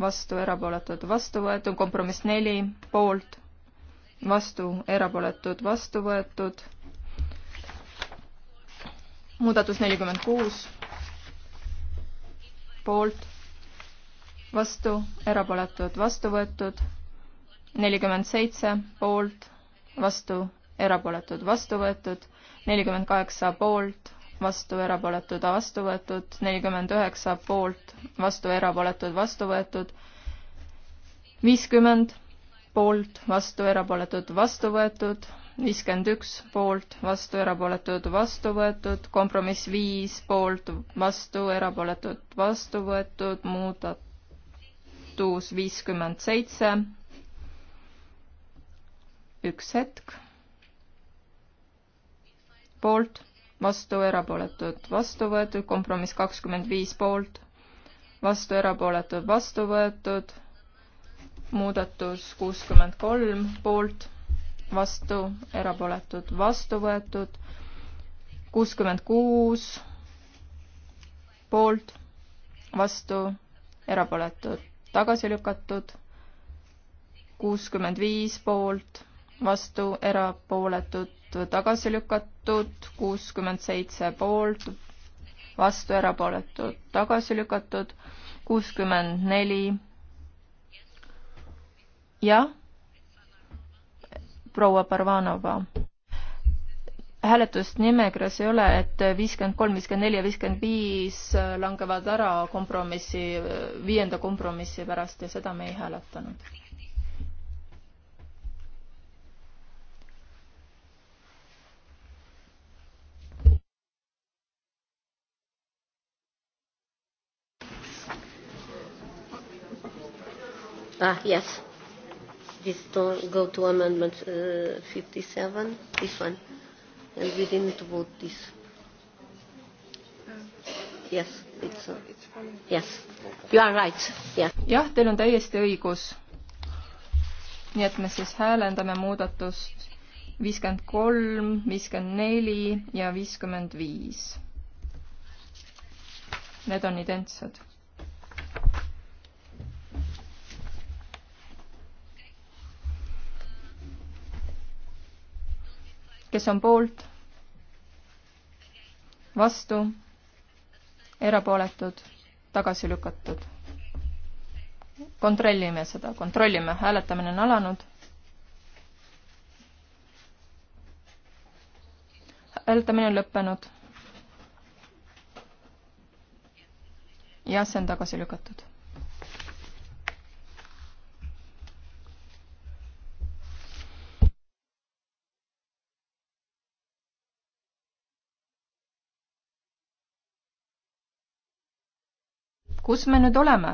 vastu, erapooletud, vastu võetud, kompromiss neli, poolt, vastu, erapooletud, vastu võetud muudatus nelikümmend kuus, poolt, vastu, erapooletud, vastu võetud, nelikümmend seitse, poolt, vastu, erapooletud, vastu võetud, nelikümmend kaheksa, poolt, vastu, erapooletud, vastu võetud, nelikümmend üheksa, poolt, vastu, erapooletud, vastu võetud, viiskümmend, poolt, vastu, erapooletud, vastu võetud, viiskümmend üks poolt, vastu, erapooletud, vastu võetud, kompromiss viis poolt, vastu, erapooletud, vastu võetud, muudatus viiskümmend seitse. üks hetk. poolt, vastu, erapooletud, vastu võetud, kompromiss kakskümmend viis poolt, vastu, erapooletud, vastu võetud, muudatus kuuskümmend kolm poolt vastu, erapooletud, vastu võetud, kuuskümmend kuus poolt, vastu, erapooletud, tagasi lükatud, kuuskümmend viis poolt, vastu, erapooletud, tagasi lükatud, kuuskümmend seitse poolt, vastu, erapooletud, tagasi lükatud, kuuskümmend neli, jah proua Parvanova. hääletust nimekirjas ei ole, et viiskümmend kolm, viiskümmend neli ja viiskümmend viis langevad ära kompromissi, viienda kompromissi pärast ja seda me ei hääletanud. Ah, yes this don't go to amendment uh, 57, this one. And we didn't vote this. Yes, it's, uh, yes, you are right. Yeah. jah, teil on täiesti õigus. nii et me siis häälendame muudatust viiskümmend kolm, viiskümmend neli ja viiskümmend viis. Need on identsed kes on poolt, vastu, erapooletud, tagasi lükatud. kontrollime seda, kontrollime, hääletamine on alanud. hääletamine on lõppenud. jah, see on tagasi lükatud kus me nüüd oleme?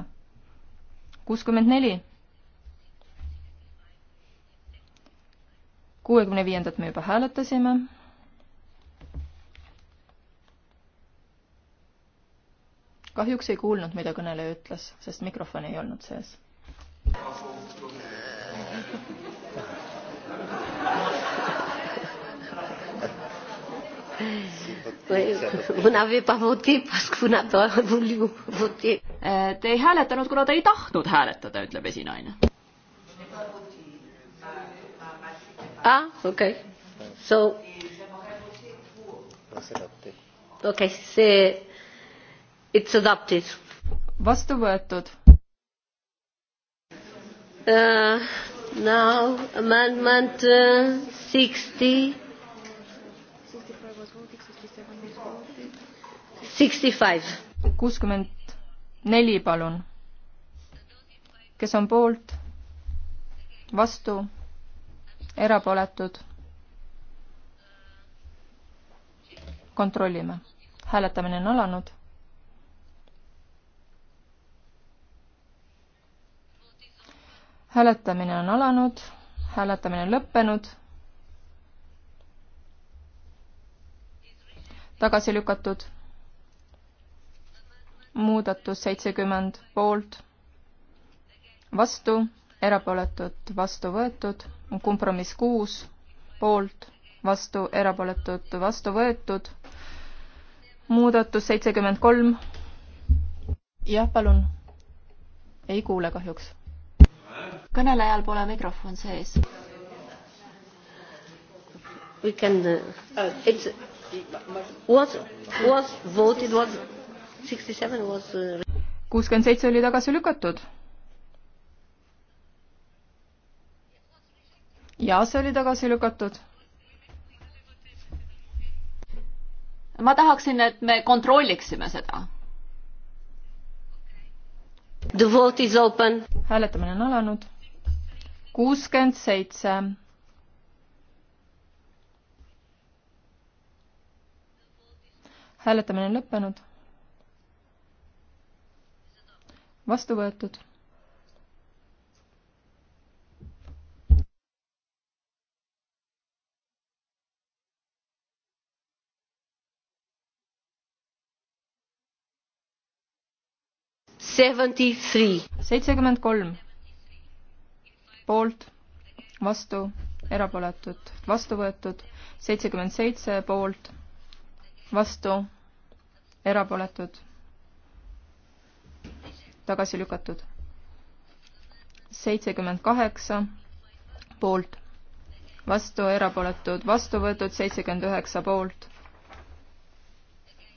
kuuskümmend neli. kuuekümne viiendat me juba hääletasime. kahjuks ei kuulnud, mida kõneleja ütles, sest mikrofon ei olnud sees. vous n'avez pas voté parce que vous n'avez pas voulu voter. Eh, te ei hääletanud, kuna te ei tahtnud hääletada, ütleb esinaine. Ah, okay. So. Okay, see, it's adopted. Vastu võetud. Uh, now amendment uh, 60 kuuskümmend neli, palun. kes on poolt? vastu? erapooletud? kontrollime. hääletamine on alanud. hääletamine on alanud, hääletamine on lõppenud. tagasi lükatud muudatus seitsekümmend poolt, vastu, erapooletud, vastu võetud, kompromiss kuus poolt, vastu, erapooletud, vastu võetud, muudatus seitsekümmend kolm. jah, palun. ei kuule kahjuks. kõnelejal pole mikrofon sees. We can uh,, it's, what was voted was Uh, kuuskümmend seitse oli tagasi lükatud. ja see oli tagasi lükatud. ma tahaksin, et me kontrolliksime seda. The vote is open. hääletamine on alanud. kuuskümmend seitse. hääletamine on lõppenud vastu võetud. seitsekümmend kolm poolt, vastu, erapooletud, vastu võetud, seitsekümmend seitse poolt, vastu, erapooletud tagasi lükatud. seitsekümmend kaheksa poolt, vastu erapooletud, vastu võetud seitsekümmend üheksa poolt,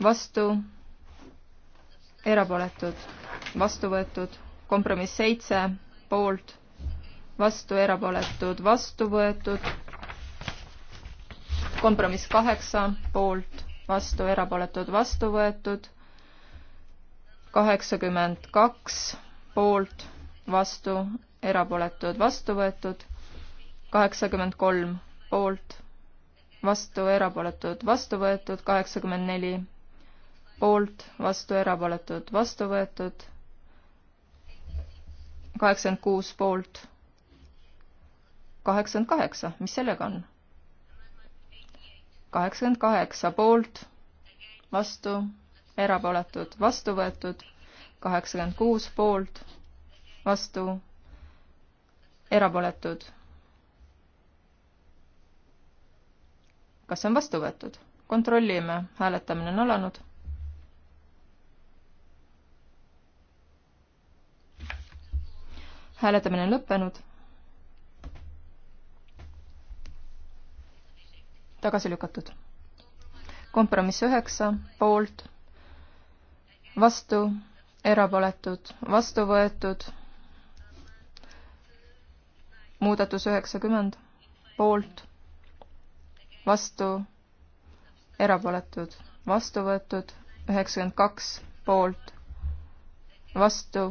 vastu erapooletud, vastu võetud, kompromiss seitse poolt, vastu erapooletud, vastu võetud, kompromiss kaheksa poolt, vastu erapooletud, vastu võetud kaheksakümmend kaks poolt, vastu, erapooletud, vastu võetud, kaheksakümmend kolm poolt, vastu, erapooletud, vastu võetud, kaheksakümmend neli poolt, vastu, erapooletud, vastu võetud, kaheksakümmend kuus poolt, kaheksakümmend kaheksa, mis sellega on? kaheksakümmend kaheksa poolt, vastu erapooletud, vastu võetud, kaheksakümmend kuus poolt, vastu, erapooletud. kas see on vastu võetud? kontrollime, hääletamine on alanud. hääletamine on lõppenud. tagasi lükatud. kompromiss üheksa, poolt vastu, erapooletud, vastu võetud. muudatus üheksakümmend, poolt, vastu, erapooletud, vastu võetud, üheksakümmend kaks, poolt, vastu,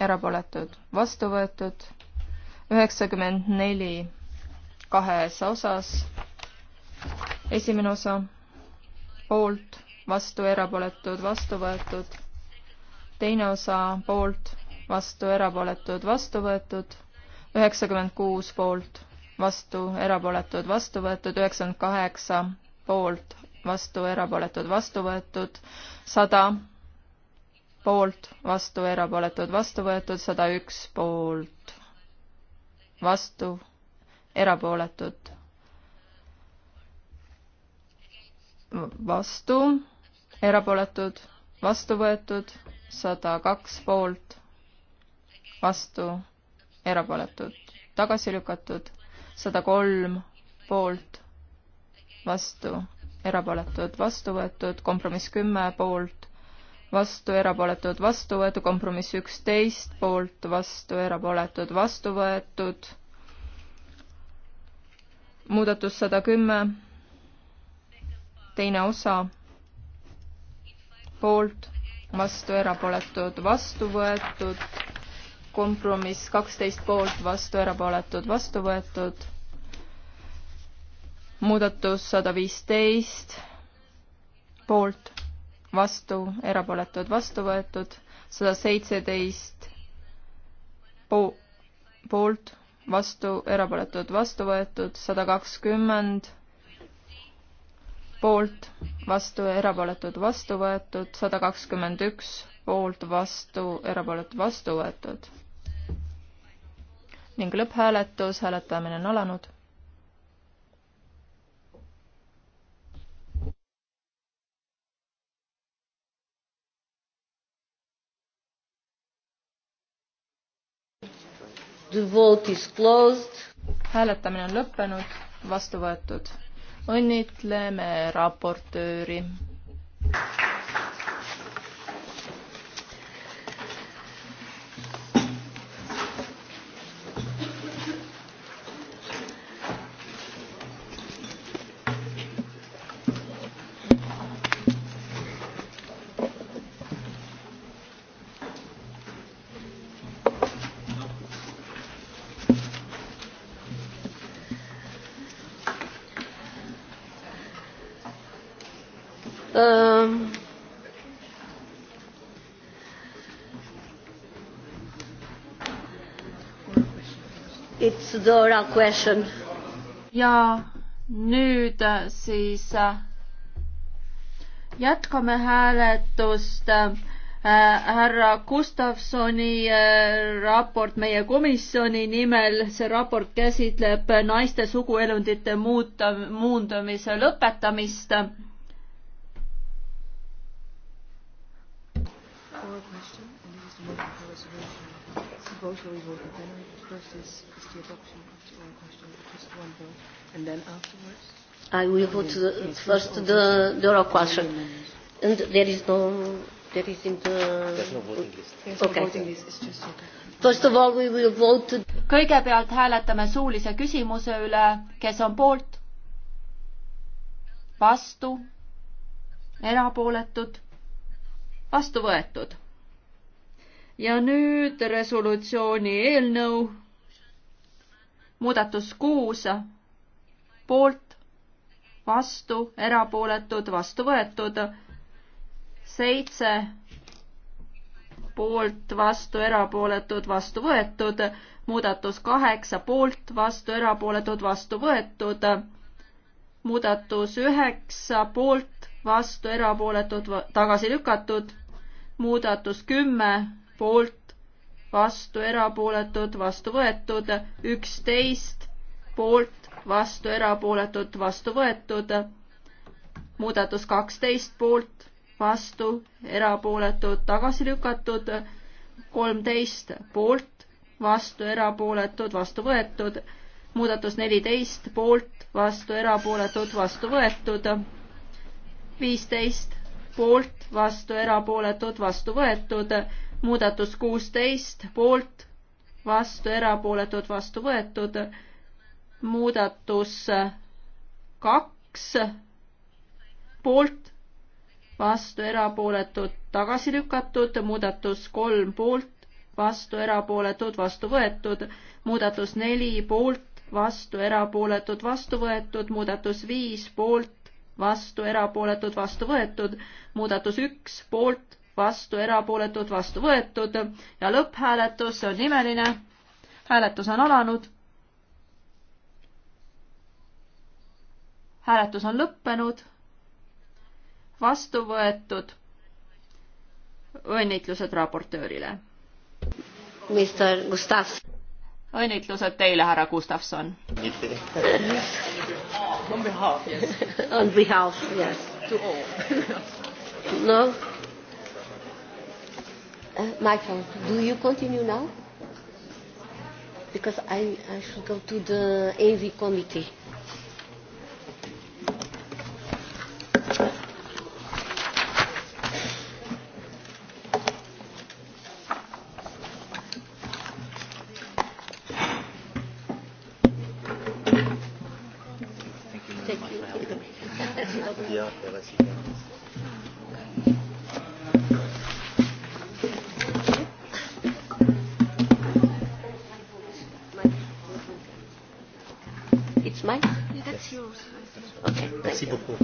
erapooletud, vastu võetud, üheksakümmend neli kahes osas. esimene osa, poolt vastu, erapooletud, vastu võetud. teine osa poolt, vastu, erapooletud, vastu võetud. üheksakümmend kuus poolt, vastu, erapooletud, vastu võetud. üheksakümmend kaheksa poolt, vastu, erapooletud, vastu võetud. sada poolt, vastu, erapooletud, vastu võetud. sada üks poolt, vastu, erapooletud vastu, erapooletud, vastu võetud, sada kaks poolt, vastu, erapooletud, tagasi lükatud, sada kolm poolt, vastu, erapooletud, vastu võetud, kompromiss kümme poolt, vastu, erapooletud, vastu võetud, kompromiss üksteist poolt, vastu, erapooletud, vastu võetud, muudatus sada kümme, teine osa poolt, vastu, erapooletud, vastu võetud. kompromiss kaksteist poolt, vastu, erapooletud, vastu võetud. muudatus sada viisteist poolt, vastu, erapooletud, vastu võetud. sada seitseteist poolt, vastu, erapooletud, vastu võetud. sada kakskümmend poolt, vastu, erapooletud, vastu võetud, sada kakskümmend üks poolt, vastu, erapooletud, vastu võetud. ning lõpphääletus, hääletamine on alanud The vote is closed. hääletamine on lõppenud, vastu võetud õnnitleme raportööri. ja nüüd äh, siis äh, jätkame hääletust äh, härra Gustavsoni raport meie komisjoni nimel, see raport käsitleb naiste suguelundite muuta, muundamise lõpetamist oral question, and this is the motion for resolution. Both will be voted then. First is, is the adoption of the oral question, just one vote, and then afterwards. I will vote the, yes, first the, the oral question. And there is no, there isn't. Uh, There's no voting list. There's okay. no voting list. It's just okay. First of all, we will vote. kõigepealt hääletame suulise küsimuse üle, kes on poolt, vastu, erapooletud vastu võetud. ja nüüd resolutsiooni eelnõu, muudatus kuus, poolt, vastu, erapooletud, vastu võetud, seitse, poolt, vastu, erapooletud, vastu võetud, muudatus kaheksa, poolt, vastu, erapooletud, vastu võetud, muudatus üheksa, poolt, vastu, erapooletud, tagasi lükatud muudatus kümme poolt, vastu erapooletud, vastu võetud, üksteist poolt, vastu erapooletud, vastu võetud, muudatus kaksteist poolt, vastu erapooletud, tagasi lükatud, kolmteist poolt, vastu erapooletud, vastu võetud, muudatus neliteist poolt, vastu erapooletud, vastu võetud, viisteist poolt, vastu, erapooletud, vastu võetud. muudatus kuusteist, poolt, vastu, erapooletud, vastu võetud. muudatus kaks, poolt, vastu, erapooletud, tagasi lükatud. muudatus kolm, poolt, vastu, erapooletud, vastu võetud. muudatus neli, poolt, vastu, erapooletud, vastu võetud. muudatus viis, poolt, vastu, erapooletud, vastu võetud, muudatus üks poolt, vastu, erapooletud, vastu võetud ja lõpphääletus, see on nimeline. hääletus on alanud. hääletus on lõppenud. vastu võetud. õnnitlused raportöörile. Mr Gustav. õnnitlused teile, härra Gustavson On behalf, yes. On behalf, yes. To all. no? Uh, Michael, do you continue now? Because I, I should go to the AV committee. Okay, merci beaucoup.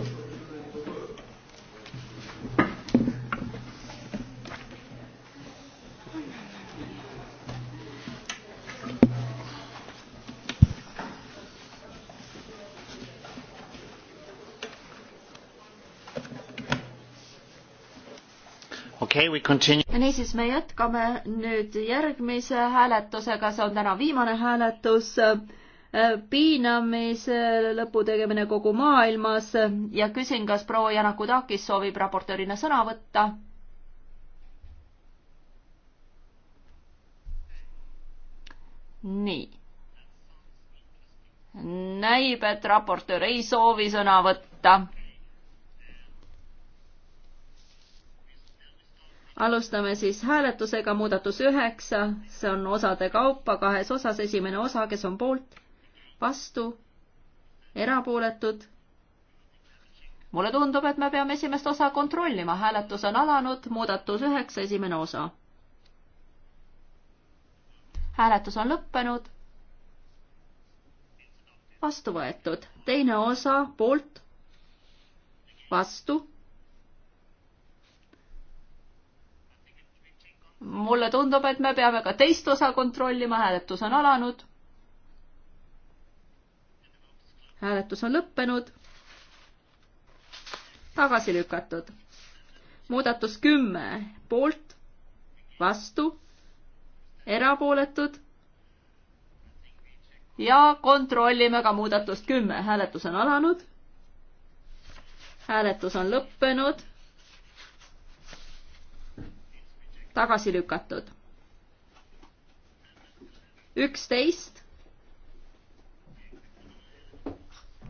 niisiis, me jätkame nüüd järgmise hääletusega, see on täna viimane hääletus Äh, piinamise lõputegemine kogu maailmas ja küsin, kas proua Janakutakis soovib raportöörina sõna võtta. nii. näib, et raportöör ei soovi sõna võtta. alustame siis hääletusega, muudatus üheksa, see on osade kaupa, kahes osas, esimene osa, kes on poolt vastu, erapooletud. mulle tundub, et me peame esimest osa kontrollima, hääletus on alanud, muudatus üheksa, esimene osa. hääletus on lõppenud. vastu võetud, teine osa poolt, vastu mulle tundub, et me peame ka teist osa kontrollima, hääletus on alanud. hääletus on lõppenud. tagasi lükatud. muudatus kümme poolt, vastu, erapooletud. ja kontrollime ka muudatust kümme, hääletus on alanud. hääletus on lõppenud. tagasi lükatud. üksteist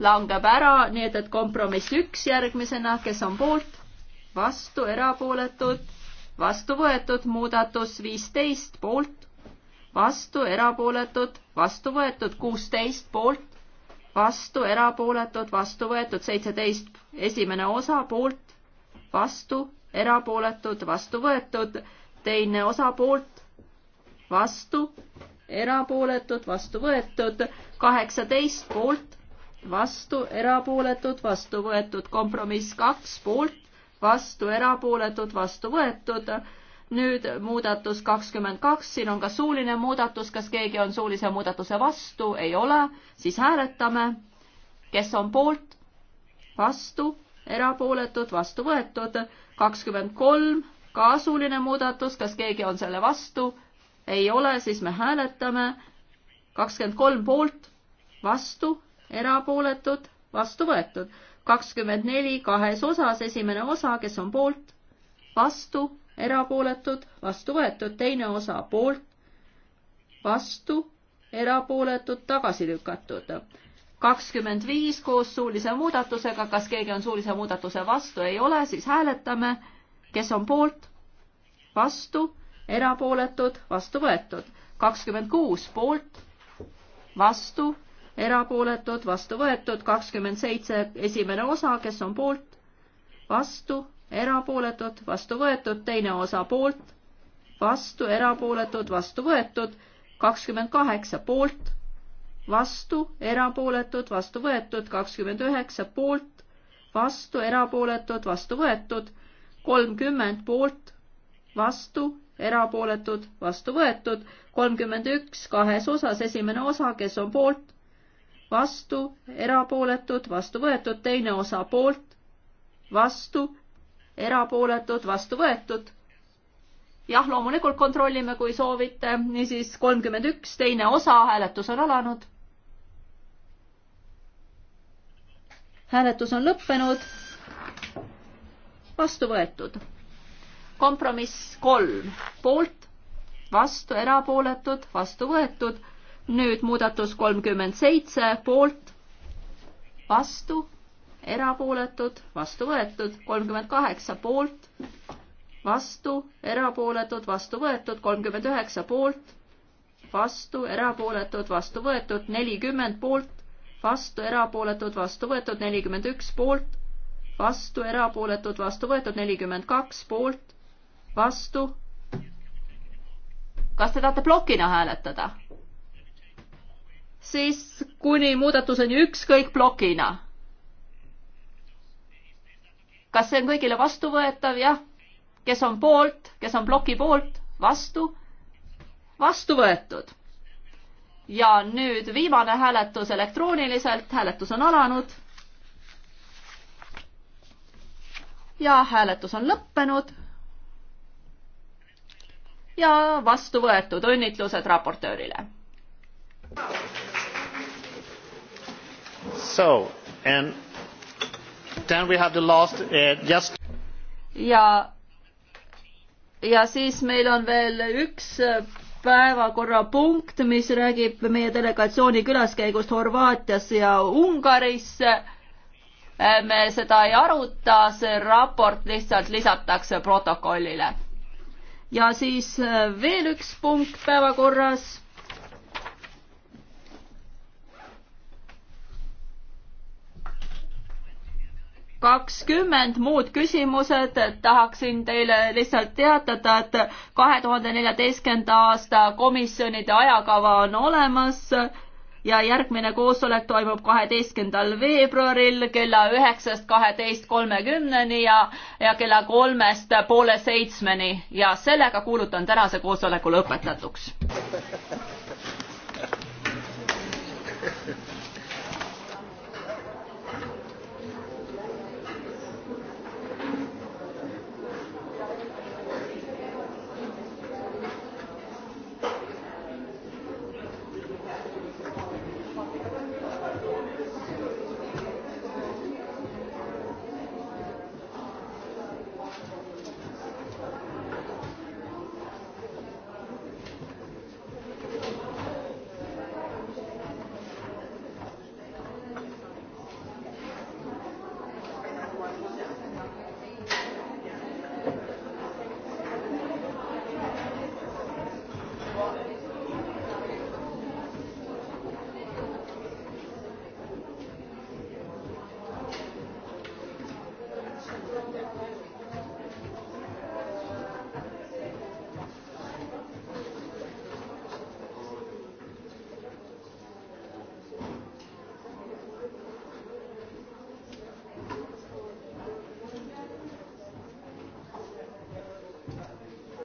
langeb ära, nii et, et kompromiss üks järgmisena, kes on poolt, vastu, erapooletud, vastu võetud, muudatus viisteist poolt, vastu, erapooletud, vastu võetud, kuusteist poolt, vastu, erapooletud, vastu võetud, seitseteist, esimene osa poolt, vastu, erapooletud, vastu võetud, teine osa poolt, vastu, erapooletud, vastu võetud, kaheksateist poolt, vastu, erapooletud, vastu võetud, kompromiss kaks poolt, vastu, erapooletud, vastu võetud. nüüd muudatus kakskümmend kaks, siin on ka suuline muudatus, kas keegi on suulise muudatuse vastu, ei ole, siis hääletame. kes on poolt, vastu, erapooletud, vastu võetud, kakskümmend kolm, ka suuline muudatus, kas keegi on selle vastu, ei ole, siis me hääletame. kakskümmend kolm poolt, vastu erapooletud, vastu võetud. kakskümmend neli kahes osas, esimene osa, kes on poolt, vastu, erapooletud, vastu võetud, teine osa poolt, vastu, erapooletud, tagasi lükatud. kakskümmend viis koos suulise muudatusega, kas keegi on suulise muudatuse vastu, ei ole, siis hääletame, kes on poolt, vastu, erapooletud, vastu võetud. kakskümmend kuus poolt, vastu erapooletud, vastu võetud, kakskümmend seitse, esimene osa, kes on poolt, vastu, erapooletud, vastu võetud, teine osa poolt, vastu, erapooletud, vastu võetud, kakskümmend kaheksa poolt, vastu, erapooletud, vastu võetud, kakskümmend üheksa poolt, vastu, erapooletud, vastu võetud, kolmkümmend poolt, vastu, erapooletud, vastu võetud, kolmkümmend üks kahes osas, esimene osa, kes on poolt vastu, erapooletud, vastu võetud, teine osa poolt, vastu, erapooletud, vastu võetud. jah, loomulikult kontrollime, kui soovite, niisiis kolmkümmend üks, teine osa, hääletus on alanud. hääletus on lõppenud, vastu võetud. kompromiss kolm, poolt, vastu, erapooletud, vastu võetud nüüd muudatus kolmkümmend seitse poolt, vastu, erapooletud, vastu võetud, kolmkümmend kaheksa poolt, vastu, erapooletud, vastu võetud, kolmkümmend üheksa poolt, vastu, erapooletud, vastu võetud, nelikümmend poolt, vastu, erapooletud, vastu võetud, nelikümmend üks poolt, vastu, erapooletud, vastu võetud, nelikümmend kaks poolt, vastu. kas te tahate plokina hääletada? siis kuni muudatuseni üks kõik plokina. kas see on kõigile vastuvõetav, jah? kes on poolt, kes on ploki poolt, vastu? vastu võetud. ja nüüd viimane hääletus elektrooniliselt, hääletus on alanud. ja hääletus on lõppenud. ja vastu võetud, õnnitlused raportöörile. So, and then we have the last uh, just. ja, ja siis meil on veel üks äh, päevakorrapunkt, mis räägib meie delegatsiooni külaskäigust Horvaatias ja Ungaris. Äh, me seda ei aruta, see raport lihtsalt lisatakse protokollile. ja siis äh, veel üks punkt päevakorras kakskümmend muud küsimused, tahaksin teile lihtsalt teatada, et kahe tuhande neljateistkümnenda aasta komisjonide ajakava on olemas ja järgmine koosolek toimub kaheteistkümnendal veebruaril kella üheksast kaheteist kolmekümneni ja, ja kella kolmest poole seitsmeni ja sellega kuulutan tänase koosoleku lõpetatuks.